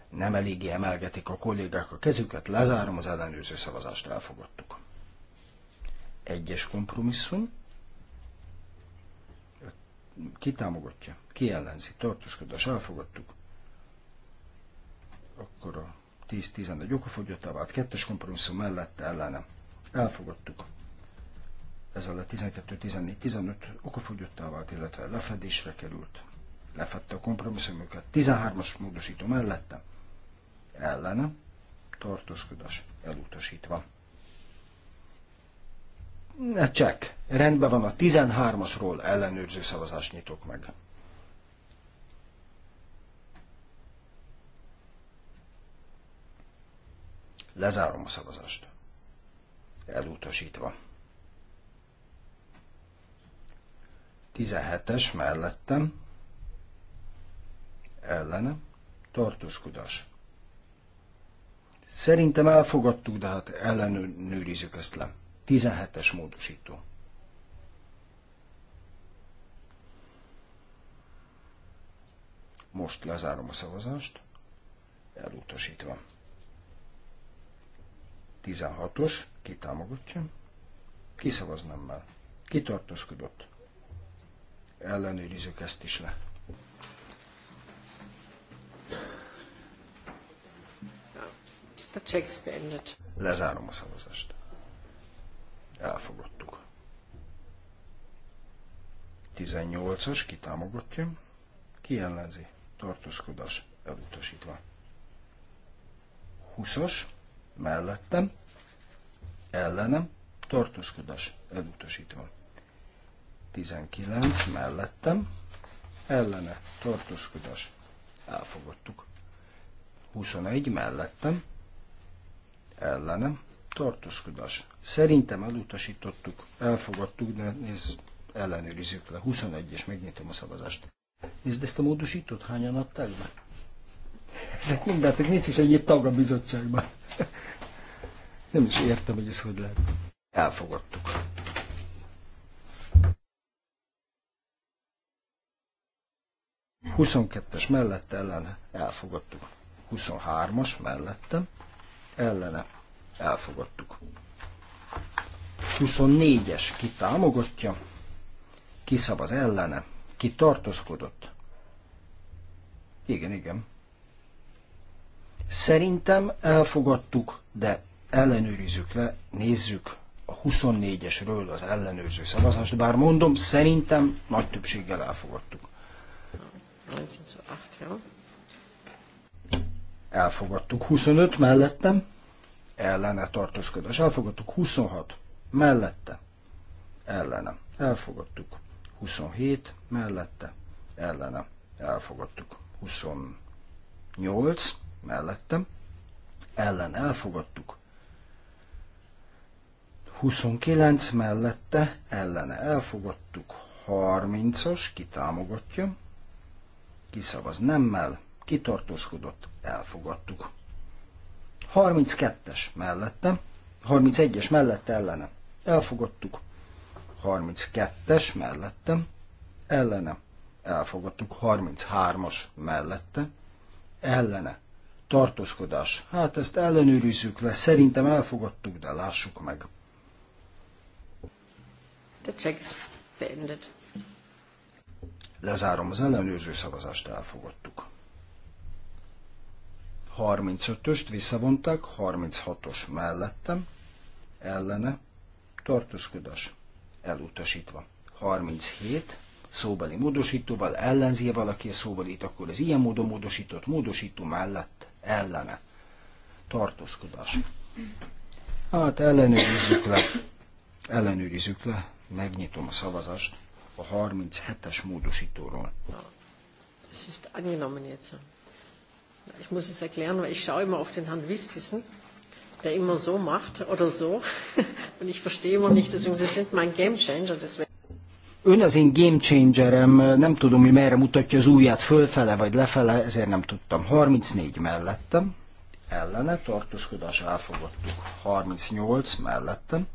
Nem eléggé emelgetik a kollégák a kezüket, lezárom az ellenőrző szavazást, elfogadtuk. Egyes kompromisszum, ki támogatja, ki ellenzi, tartózkodás, elfogadtuk. Akkor a 10-11 okafogyottá vált kettes kompromisszum mellette ellene. Elfogadtuk. Ezzel a 12-14-15 okafogyottá vált, illetve lefedésre került. Lefette a kompromisszumokat, 13-as módosító mellette ellene tartózkodás elutasítva ne csek. Rendben van, a 13-asról ellenőrző szavazást nyitok meg. Lezárom a szavazást. Elutasítva. 17-es mellettem. Ellenem. Tartózkodás. Szerintem elfogadtuk, de hát ellenőrizzük ezt le. 17-es módosító. Most lezárom a szavazást, elutasítva. 16-os, ki támogatja, ki szavaznám már? ki tartózkodott. Ellenőrizzük ezt is le. Lezárom a szavazást. Elfogadtuk. 18-as, kitámogatja, kiellenzi, tartózkodás elutasítva. 20-as, mellettem, ellenem, tartózkodás elutasítva. 19 mellettem, ellene, tartózkodás, elfogadtuk. 21 mellettem, ellenem, tartózkodás. Szerintem elutasítottuk, elfogadtuk, de nézd, ellenőrizzük le. 21 és megnyitom a szavazást. Nézd, ezt a módosítót hányan adták be? Ezek mind betek, nincs is egy tag a bizottságban. Nem is értem, hogy ez hogy lehet. Elfogadtuk. Huszonkettes mellette ellen elfogadtuk. 23-as mellettem ellene elfogadtuk. 24-es ki támogatja, ki szavaz ellene, ki tartózkodott. Igen, igen. Szerintem elfogadtuk, de ellenőrizzük le, nézzük a 24-esről az ellenőrző szavazást, bár mondom, szerintem nagy többséggel elfogadtuk. Elfogadtuk 25 mellettem, ellene tartózkodás. Elfogadtuk 26 mellette ellene. Elfogadtuk 27 mellette ellene. Elfogadtuk 28 mellette ellen. Elfogadtuk 29 mellette ellene. Elfogadtuk 30-as, kitámogatja, kiszavaz nemmel, kitartózkodott, elfogadtuk. 32-es mellette, 31-es mellette ellene. Elfogadtuk. 32-es mellette ellene. Elfogadtuk. 33-as mellette ellene. Tartózkodás. Hát ezt ellenőrizzük le. Szerintem elfogadtuk, de lássuk meg. The check's beendet. Lezárom az ellenőrző szavazást, elfogadtuk. 35-öst visszavonták, 36-os mellettem, ellene, tartózkodás elutasítva. 37, szóbeli módosítóval ellenzi valaki a szóbelit, akkor az ilyen módon módosított módosító mellett ellene. Tartózkodás. Hát ellenőrizzük le. Ellenőrizzük le. Megnyitom a szavazást a 37-es módosítóról. Ez is annyi jetzt ich muss es erklären, weil ich schaue immer auf den Herrn Wistissen, der immer so macht oder so. Und ich verstehe immer nicht, deswegen Sie sind mein Game Changer. Deswegen. Ön az én game changerem, nem tudom, hogy merre mutatja az ujját, fölfele vagy lefele, ezért nem tudtam. 34 mellettem, ellene, tartózkodás elfogadtuk. 38 mellettem,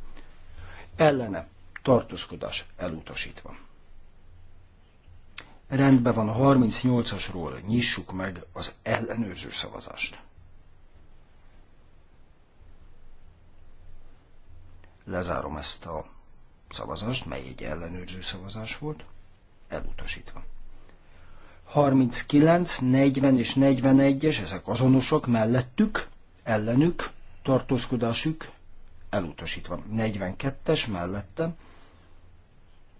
ellene, tartózkodás elutasítva. Rendben van, a 38-asról nyissuk meg az ellenőrző szavazást. Lezárom ezt a szavazást, mely egy ellenőrző szavazás volt, elutasítva. 39, 40 és 41-es, ezek azonosak mellettük, ellenük, tartózkodásuk elutasítva. 42-es mellette,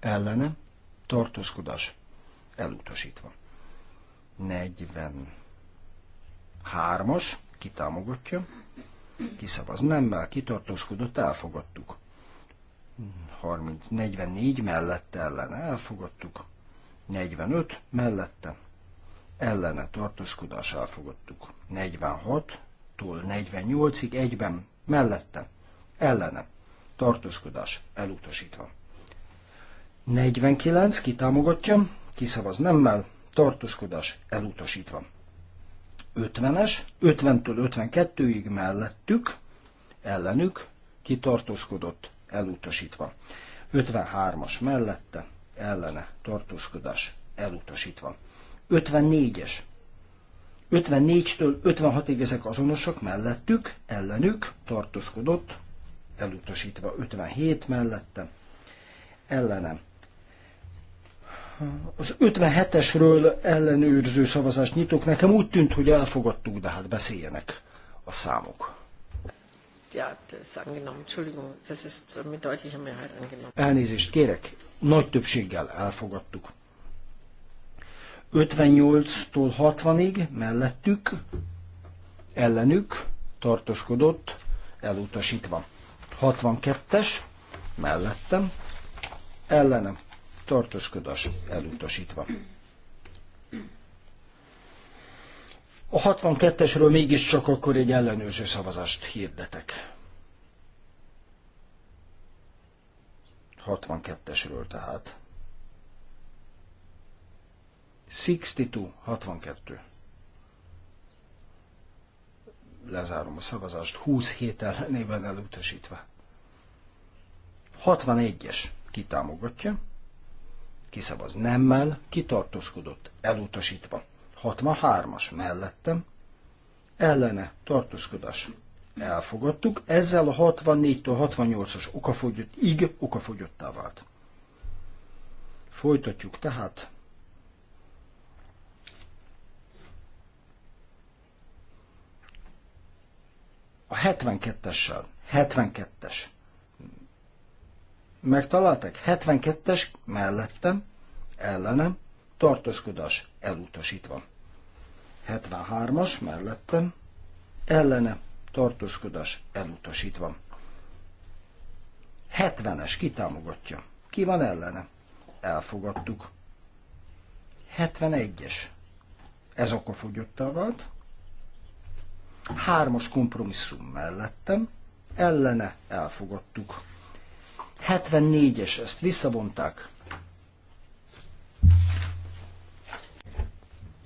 ellene, tartózkodás elutasítva. 43-as, kitámogatja. Kiszavaz nem, szavaz nemmel, elfogadtuk. 30, 44 mellette ellene elfogadtuk, 45 mellette ellene tartózkodás elfogadtuk. 46-tól 48-ig egyben mellette ellene tartózkodás elutasítva. 49 kitámogatja, kiszavaz nemmel, tartózkodás elutasítva. 50-es, 50-től 52-ig mellettük, ellenük, kitartózkodott, elutasítva. 53-as mellette, ellene, tartózkodás, elutasítva. 54-es, 54-től 56-ig ezek azonosak mellettük, ellenük, tartózkodott, elutasítva. 57 mellette, ellenem, az 57-esről ellenőrző szavazást nyitok. Nekem úgy tűnt, hogy elfogadtuk, de hát beszéljenek a számok. Hát Elnézést kérek, nagy többséggel elfogadtuk. 58-tól 60-ig mellettük, ellenük tartózkodott, elutasítva. 62-es mellettem, ellenem tartózkodás elutasítva. A 62-esről mégiscsak akkor egy ellenőrző szavazást hirdetek. 62-esről tehát. 62, 62. Lezárom a szavazást, 20 hét ellenében elutasítva. 61-es kitámogatja, kiszavaz nemmel, kitartózkodott, elutasítva. 63-as mellettem, ellene tartózkodás. Elfogadtuk, ezzel a 64-től 68-as okafogyott, ig okafogyottá vált. Folytatjuk tehát. A 72-essel, 72-es Megtaláltak 72-es mellettem, ellenem, tartózkodás elutasítva. 73-as mellettem, ellene, tartózkodás elutasítva. 70-es kitámogatja. Ki van ellene? Elfogadtuk. 71-es. Ez volt. vált. Hármas kompromisszum mellettem, ellene elfogadtuk. 74-es, ezt visszavonták.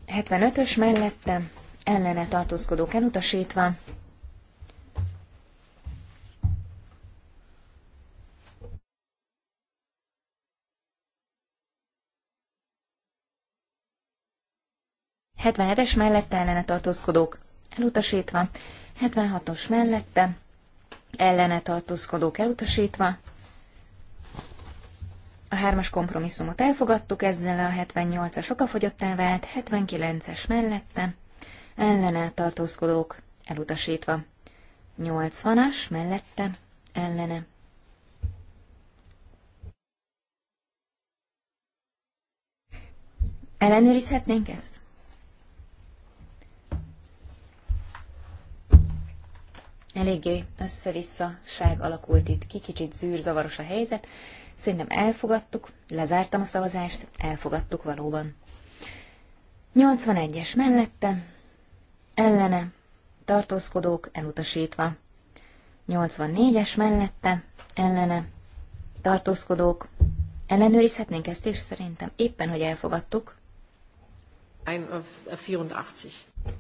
75-ös mellette ellene tartózkodók elutasítva. Hetvenhetes mellette ellene tartózkodók elutasítva, 76-os mellette ellene tartózkodók elutasítva, a hármas kompromisszumot elfogadtuk, ezzel a 78-as okafogyottá vált, 79-es mellette, ellene tartózkodók elutasítva. 80-as mellette, ellene. Ellenőrizhetnénk ezt? Eléggé össze-visszaság alakult itt ki, kicsit zűrzavaros a helyzet. Szerintem elfogadtuk, lezártam a szavazást, elfogadtuk valóban. 81-es mellette, ellene, tartózkodók elutasítva. 84-es mellette, ellene, tartózkodók. Ellenőrizhetnénk ezt is szerintem, éppen hogy elfogadtuk. Äh,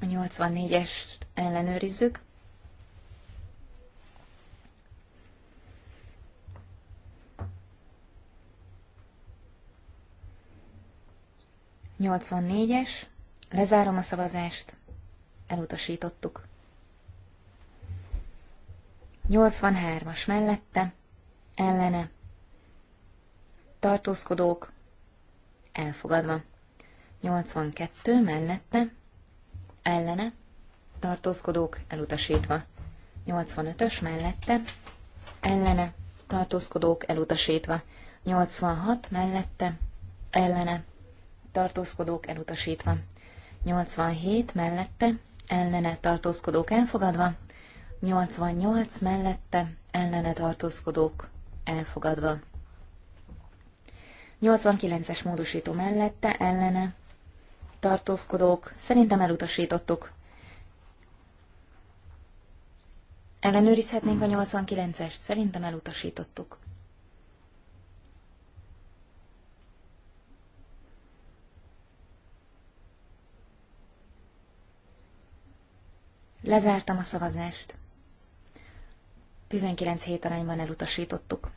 a 84-est ellenőrizzük. 84-es, lezárom a szavazást, elutasítottuk. 83-as mellette, ellene, tartózkodók, elfogadva. 82 mellette, ellene, tartózkodók, elutasítva. 85-ös mellette, ellene, tartózkodók, elutasítva. 86 mellette, ellene, tartózkodók elutasítva. 87 mellette, ellene tartózkodók elfogadva, 88 mellette, ellene tartózkodók elfogadva. 89-es módosító mellette, ellene tartózkodók, szerintem elutasítottuk. Ellenőrizhetnénk a 89-est, szerintem elutasítottuk. Lezártam a szavazást. 19 hét arányban elutasítottuk.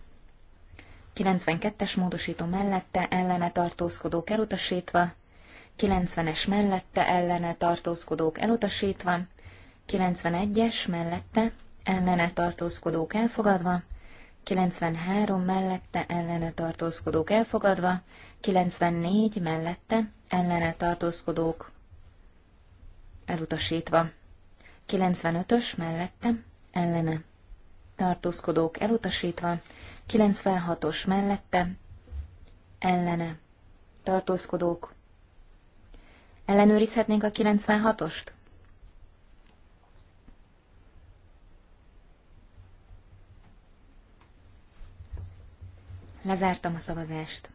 92-es módosító mellette ellene tartózkodók elutasítva, 90-es mellette ellene tartózkodók elutasítva, 91-es mellette ellene tartózkodók elfogadva, 93 mellette ellene tartózkodók elfogadva, 94 mellette ellene tartózkodók elutasítva. 95-ös mellette, ellene. Tartózkodók elutasítva, 96-os mellette, ellene. Tartózkodók. Ellenőrizhetnénk a 96-ost? Lezártam a szavazást.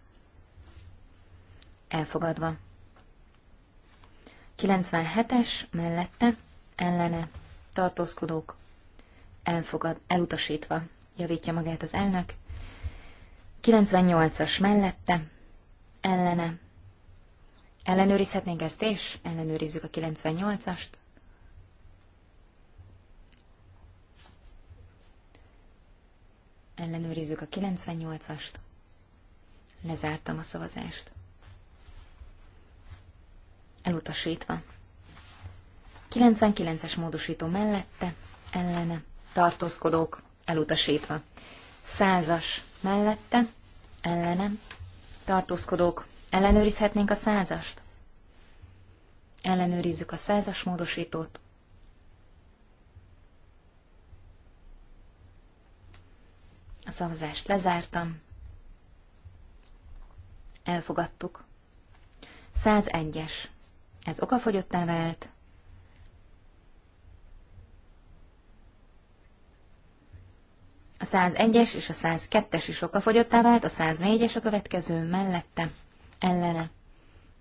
Elfogadva. 97-es mellette ellene tartózkodók elfogad, elutasítva javítja magát az elnök. 98-as mellette ellene ellenőrizhetnénk ezt és ellenőrizzük a 98-ast. Ellenőrizzük a 98-ast. Lezártam a szavazást. Elutasítva. 99-es módosító mellette, ellene, tartózkodók, elutasítva. 100-as mellette, ellene, tartózkodók, ellenőrizhetnénk a százast? Ellenőrizzük a százas módosítót. A szavazást lezártam. Elfogadtuk. 101-es. Ez okafogyottá vált. A 101-es és a 102-es is okafogyottá vált, a 104-es a következő mellette, ellene,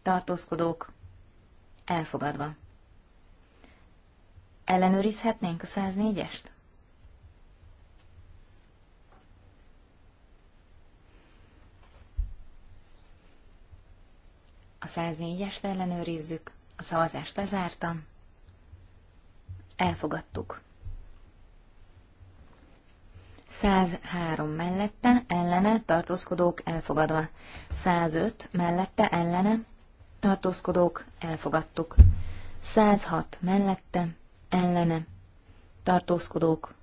tartózkodók, elfogadva. Ellenőrizhetnénk a 104-est? A 104-est ellenőrizzük, a szavazást lezártam, elfogadtuk. 103 mellette, ellene, tartózkodók elfogadva. 105 mellette, ellene, tartózkodók elfogadtuk. 106 mellette, ellene, tartózkodók.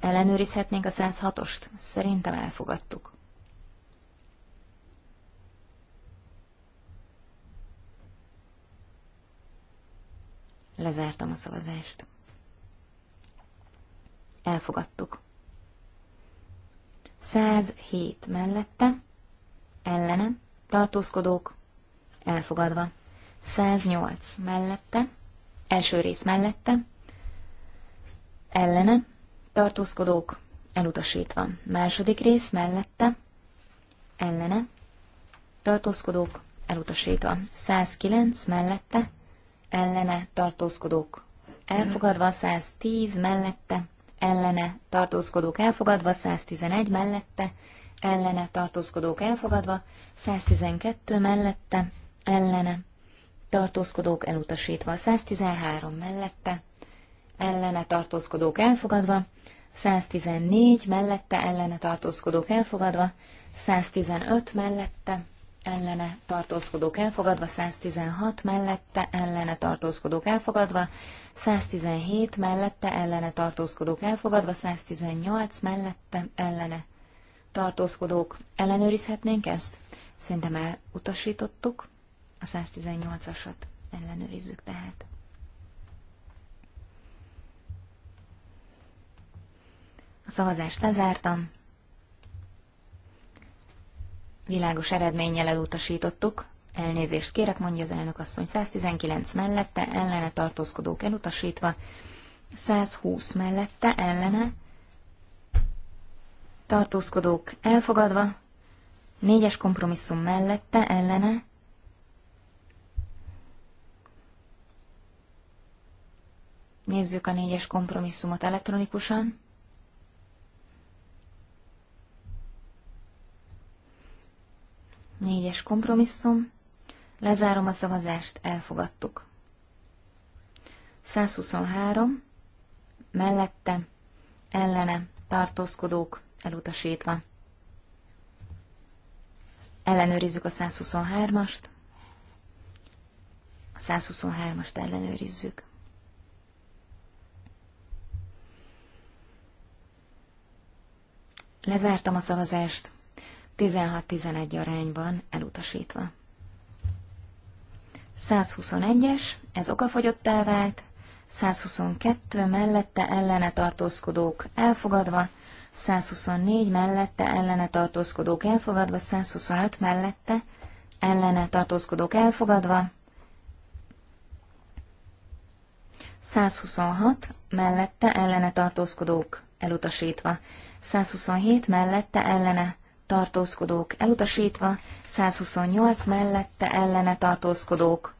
Ellenőrizhetnénk a 106-ost? Szerintem elfogadtuk. Lezártam a szavazást. Elfogadtuk. 107 mellette, ellene, tartózkodók, elfogadva. 108 mellette, első rész mellette, ellene, tartózkodók, elutasítva. Második rész mellette, ellene, tartózkodók, elutasítva. 109 mellette, ellene, tartózkodók, elfogadva. 110 mellette, ellene tartózkodók elfogadva, 111 mellette, ellene tartózkodók elfogadva, 112 mellette, ellene tartózkodók elutasítva, 113 mellette, ellene tartózkodók elfogadva, 114 mellette, ellene tartózkodók elfogadva, 115 mellette, ellene tartózkodók elfogadva, 116 mellette ellene tartózkodók elfogadva, 117 mellette ellene tartózkodók elfogadva, 118 mellette ellene tartózkodók. Ellenőrizhetnénk ezt? Szerintem elutasítottuk. A 118-asat ellenőrizzük tehát. A szavazást lezártam. Világos eredménnyel elutasítottuk. Elnézést kérek, mondja az elnök asszony. 119 mellette, ellene tartózkodók elutasítva. 120 mellette, ellene tartózkodók elfogadva. Négyes kompromisszum mellette, ellene Nézzük a négyes kompromisszumot elektronikusan. Négyes kompromisszum. Lezárom a szavazást, elfogadtuk. 123. Mellette, ellene, tartózkodók, elutasítva. Ellenőrizzük a 123-ast. A 123-ast ellenőrizzük. Lezártam a szavazást. 16-11 arányban elutasítva. 121-es, ez okafogyottá vált, 122 mellette ellene tartózkodók elfogadva, 124 mellette ellene tartózkodók elfogadva, 125 mellette ellene tartózkodók elfogadva, 126 mellette ellene tartózkodók elutasítva, 127 mellette ellene tartózkodók elutasítva, 128 mellette ellene tartózkodók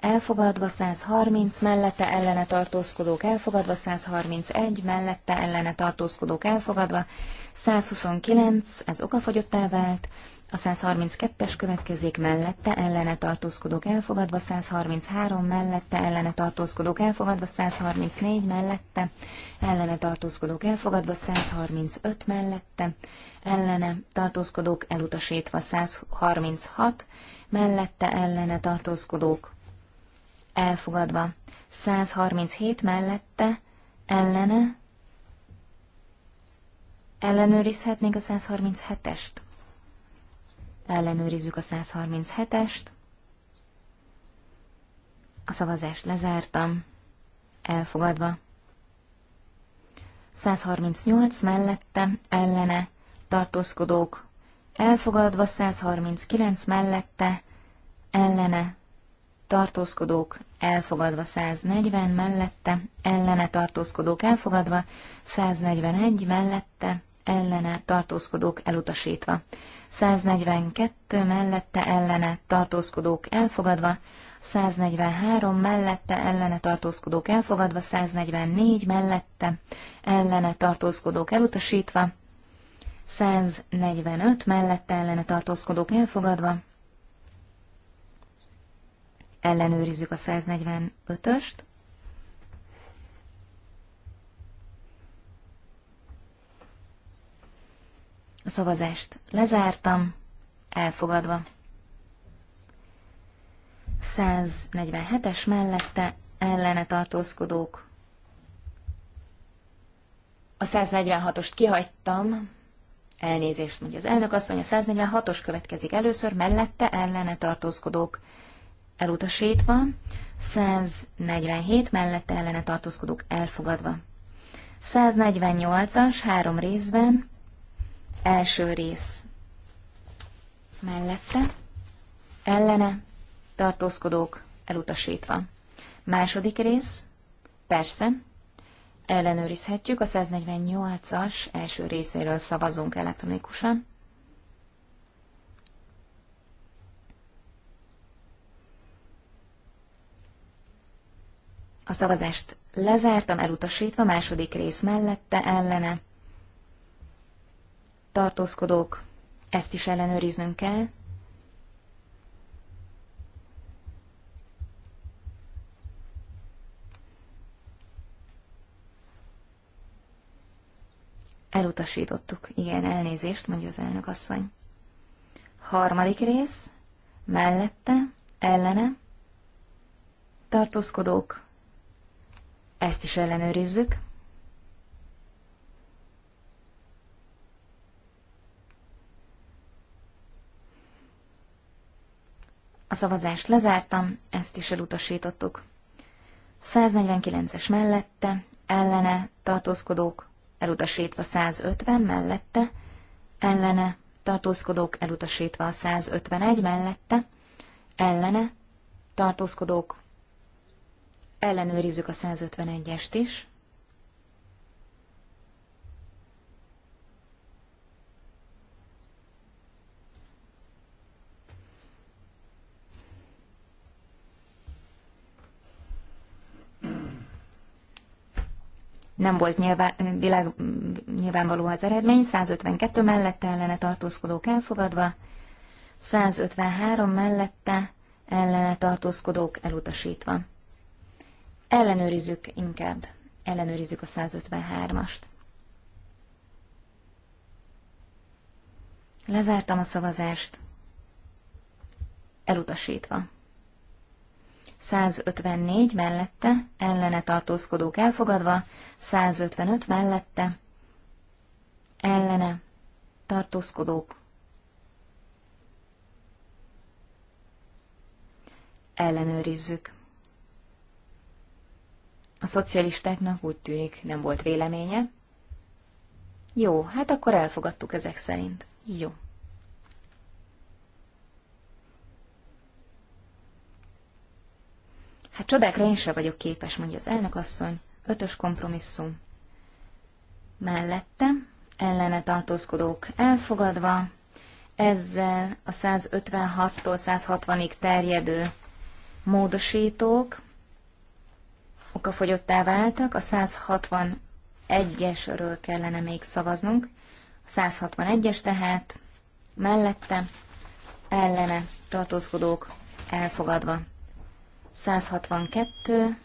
elfogadva, 130 mellette ellene tartózkodók elfogadva, 131 mellette ellene tartózkodók elfogadva, 129, ez okafogyottá vált, a 132-es következik mellette ellene tartózkodók elfogadva, 133 mellette ellene tartózkodók elfogadva, 134 mellette ellene tartózkodók elfogadva, 135 mellette ellene tartózkodók elutasítva, 136 mellette ellene tartózkodók elfogadva, 137 mellette ellene ellenőrizhetnénk a 137-est ellenőrizzük a 137-est. A szavazást lezártam, elfogadva. 138 mellette, ellene, tartózkodók, elfogadva 139 mellette, ellene, tartózkodók, elfogadva 140 mellette, ellene tartózkodók elfogadva, 141 mellette, ellene tartózkodók elutasítva, 142 mellette ellene tartózkodók elfogadva, 143 mellette ellene tartózkodók elfogadva, 144 mellette ellene tartózkodók elutasítva, 145 mellette ellene tartózkodók elfogadva, ellenőrizzük a 145-öst, A szavazást lezártam, elfogadva. 147-es mellette ellene tartózkodók. A 146-ost kihagytam, elnézést mondja az elnök asszony, a 146-os következik először, mellette ellene tartózkodók elutasítva, 147 mellette ellene tartózkodók elfogadva. 148-as három részben, Első rész mellette, ellene, tartózkodók elutasítva. Második rész, persze, ellenőrizhetjük, a 148-as első részéről szavazunk elektronikusan. A szavazást lezártam, elutasítva, második rész mellette, ellene, tartózkodók, ezt is ellenőriznünk kell. Elutasítottuk. Igen, elnézést, mondja az elnök asszony. Harmadik rész, mellette, ellene, tartózkodók, ezt is ellenőrizzük. A szavazást lezártam, ezt is elutasítottuk. 149-es mellette, ellene, tartózkodók, elutasítva 150 mellette, ellene, tartózkodók, elutasítva a 151 mellette, ellene, tartózkodók, ellenőrizzük a 151-est is. nem volt nyilván, világ, nyilvánvaló az eredmény, 152 mellette ellene tartózkodók elfogadva, 153 mellette ellene tartózkodók elutasítva. Ellenőrizzük inkább, ellenőrizzük a 153-ast. Lezártam a szavazást, elutasítva. 154 mellette ellene tartózkodók elfogadva, 155 mellette, ellene, tartózkodók, ellenőrizzük. A szocialistáknak úgy tűnik, nem volt véleménye. Jó, hát akkor elfogadtuk ezek szerint. Jó. Hát csodákra én sem vagyok képes, mondja az elnökasszony. Ötös kompromisszum. Mellette ellene tartózkodók elfogadva, ezzel a 156-tól 160-ig terjedő módosítók okafogyottá váltak, a 161-esről kellene még szavaznunk, a 161-es tehát mellette ellene tartózkodók elfogadva. 162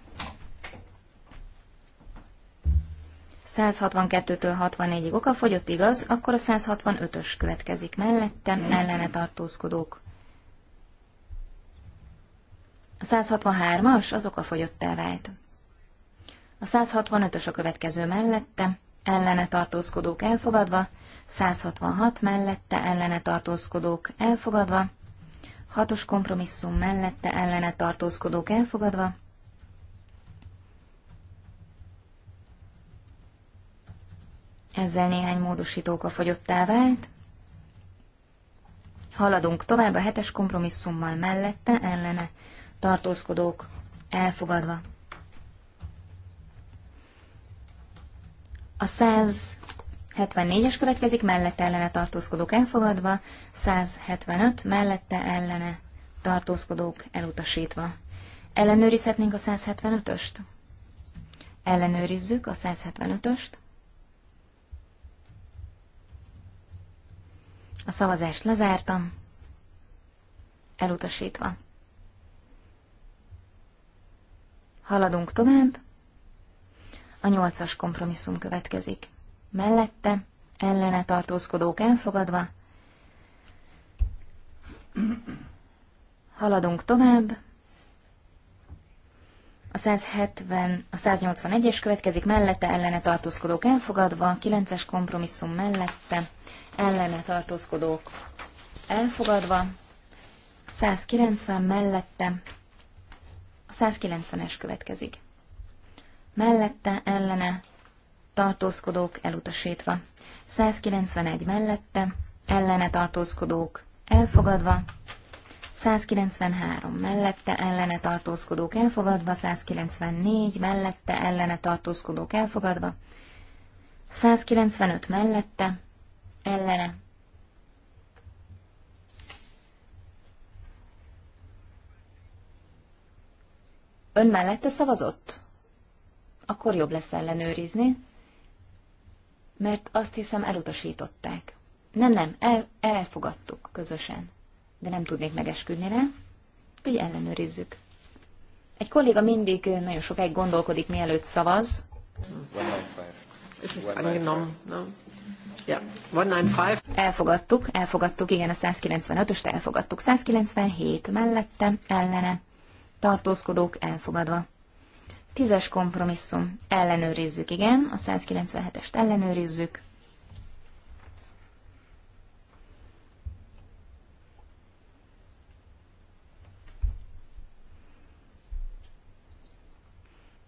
162-től 64-ig okafogyott, igaz, akkor a 165-ös következik mellette, ellene tartózkodók. A 163-as az fogyott elvált. A 165-ös a következő mellette, ellene tartózkodók elfogadva, 166 mellette ellene tartózkodók elfogadva, 6-os kompromisszum mellette ellene tartózkodók elfogadva, ezzel néhány módosítóka fogyottá vált. Haladunk tovább a hetes kompromisszummal mellette, ellene tartózkodók elfogadva. A 174-es következik, mellette ellene tartózkodók elfogadva, 175 mellette ellene tartózkodók elutasítva. Ellenőrizhetnénk a 175-öst? Ellenőrizzük a 175-öst. A szavazást lezártam. Elutasítva. Haladunk tovább. A nyolcas kompromisszum következik. Mellette, ellene tartózkodók elfogadva. Haladunk tovább. A 170, a 181-es következik mellette, ellene tartózkodók elfogadva, 9-es kompromisszum mellette, ellene tartózkodók elfogadva, 190 mellette, 190-es következik. Mellette, ellene, tartózkodók elutasítva. 191 mellette, ellene tartózkodók elfogadva. 193 mellette ellene tartózkodók elfogadva, 194 mellette ellene tartózkodók elfogadva, 195 mellette ellene. Ön mellette szavazott? Akkor jobb lesz ellenőrizni, mert azt hiszem elutasították. Nem, nem, el, elfogadtuk közösen, de nem tudnék megesküdni rá, hogy ellenőrizzük. Egy kolléga mindig nagyon sokáig gondolkodik, mielőtt szavaz. Ez ist angenommen, Elfogadtuk, elfogadtuk, igen, a 195-öst elfogadtuk. 197 mellette, ellene, tartózkodók elfogadva. Tízes kompromisszum, ellenőrizzük, igen, a 197-est ellenőrizzük.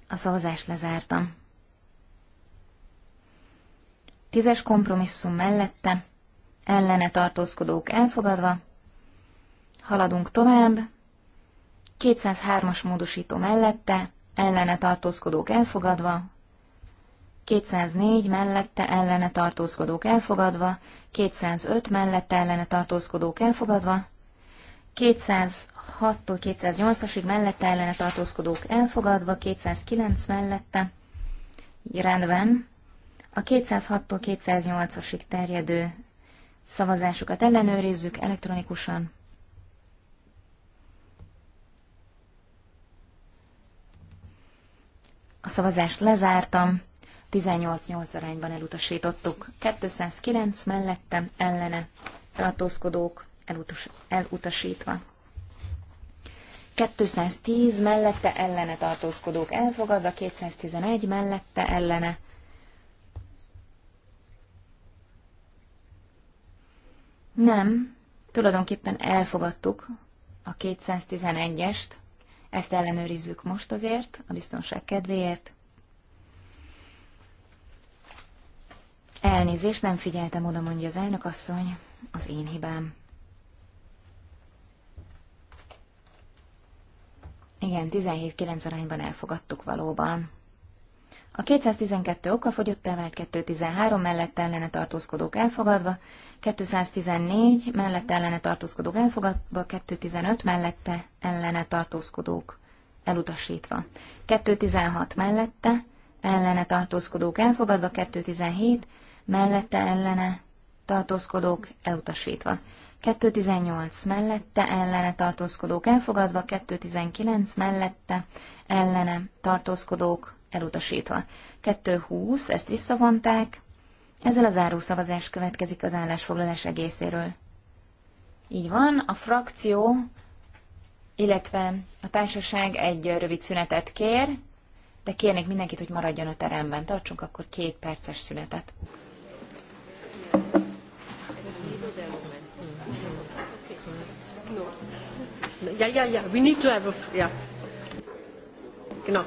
A szavazást lezártam. Tízes kompromisszum mellette, ellene tartózkodók elfogadva, haladunk tovább, 203-as módosító mellette, ellene tartózkodók elfogadva, 204 mellette ellene tartózkodók elfogadva, 205 mellette ellene tartózkodók elfogadva, 206-tól 208-asig mellette ellene tartózkodók elfogadva, 209 mellette. Rendben, a 206-tól 208-asig terjedő szavazásokat ellenőrizzük elektronikusan. A szavazást lezártam, 18-8 arányban elutasítottuk, 209 mellettem ellene tartózkodók elutas, elutasítva. 210 mellette ellene tartózkodók elfogadva, 211 mellette ellene Nem, tulajdonképpen elfogadtuk a 211-est, ezt ellenőrizzük most azért, a biztonság kedvéért. Elnézést, nem figyeltem oda, mondja az elnök asszony, az én hibám. Igen, 17-9 arányban elfogadtuk valóban. A 212 fogyott vált 213 mellett ellene tartózkodók elfogadva, 214 mellett ellene tartózkodók elfogadva, 215 mellette ellene tartózkodók elutasítva, 216 mellette ellene tartózkodók elfogadva, 217 mellette ellene tartózkodók elutasítva. 218 mellette ellene tartózkodók elfogadva, 219 mellette ellene tartózkodók elutasítva. 2.20, ezt visszavonták, ezzel a zárószavazás szavazás következik az állásfoglalás egészéről. Így van, a frakció, illetve a társaság egy rövid szünetet kér, de kérnék mindenkit, hogy maradjon a teremben. Tartsunk akkor két perces szünetet. Yeah, yeah, yeah. We need to have a yeah. A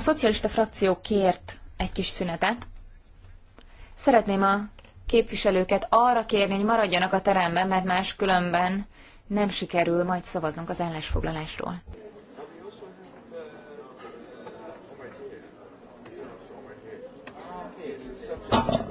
szocialista frakció kért egy kis szünetet. Szeretném a képviselőket arra kérni, hogy maradjanak a teremben, mert máskülönben nem sikerül, majd szavazunk az ellensfoglalásról. Thank you.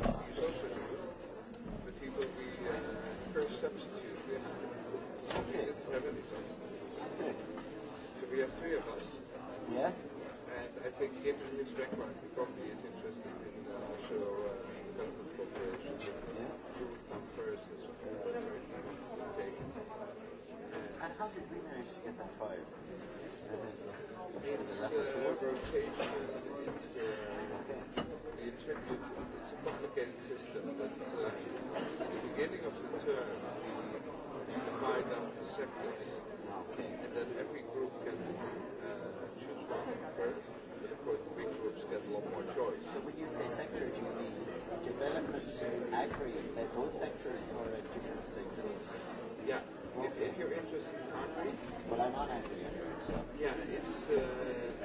sectors are a different sector. Yeah. Okay. If, if you're interested in concrete. But I'm not as an so. Yeah, it's, uh,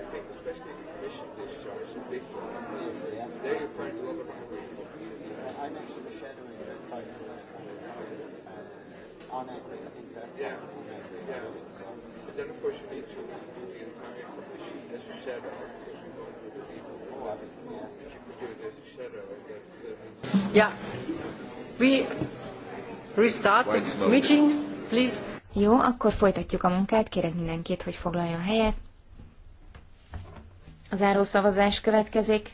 I think, especially the commission discharge, is a big one. Yeah. There you find a lot of concrete. Yeah, I'm actually shadowing that fight uh, on equity. I think that's yeah. on equity. Yeah. So. And then, of course, you need to do the entire commission as a shadow. you won't you could do oh, it shadow. Uh, yeah. We restart the meeting, please. Jó, akkor folytatjuk a munkát. Kérek mindenkit, hogy foglaljon helyet. A szavazás következik.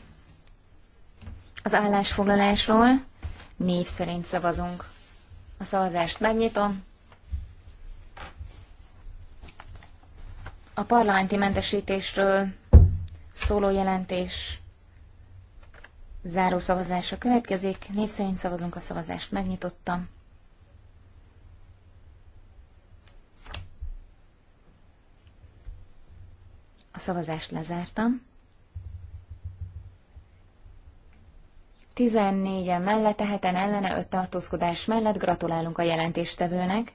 Az állásfoglalásról név szerint szavazunk. A szavazást megnyitom. A parlamenti mentesítésről szóló jelentés Záró szavazása következik. Név szerint szavazunk a szavazást. Megnyitottam. A szavazást lezártam. 14-en mellett, teheten ellene, 5 tartózkodás mellett gratulálunk a jelentéstevőnek.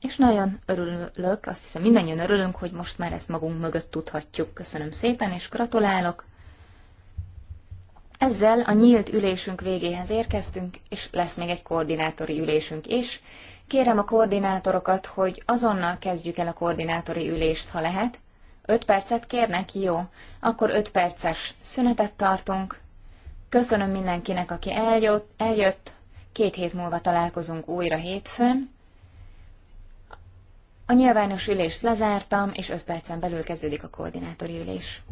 És nagyon örülök, azt hiszem mindannyian örülünk, hogy most már ezt magunk mögött tudhatjuk. Köszönöm szépen, és gratulálok. Ezzel a nyílt ülésünk végéhez érkeztünk, és lesz még egy koordinátori ülésünk is. Kérem a koordinátorokat, hogy azonnal kezdjük el a koordinátori ülést, ha lehet. 5 percet kérnek? Jó. Akkor 5 perces szünetet tartunk. Köszönöm mindenkinek, aki eljött. eljött. Két hét múlva találkozunk újra hétfőn. A nyilvános ülést lezártam, és 5 percen belül kezdődik a koordinátori ülés.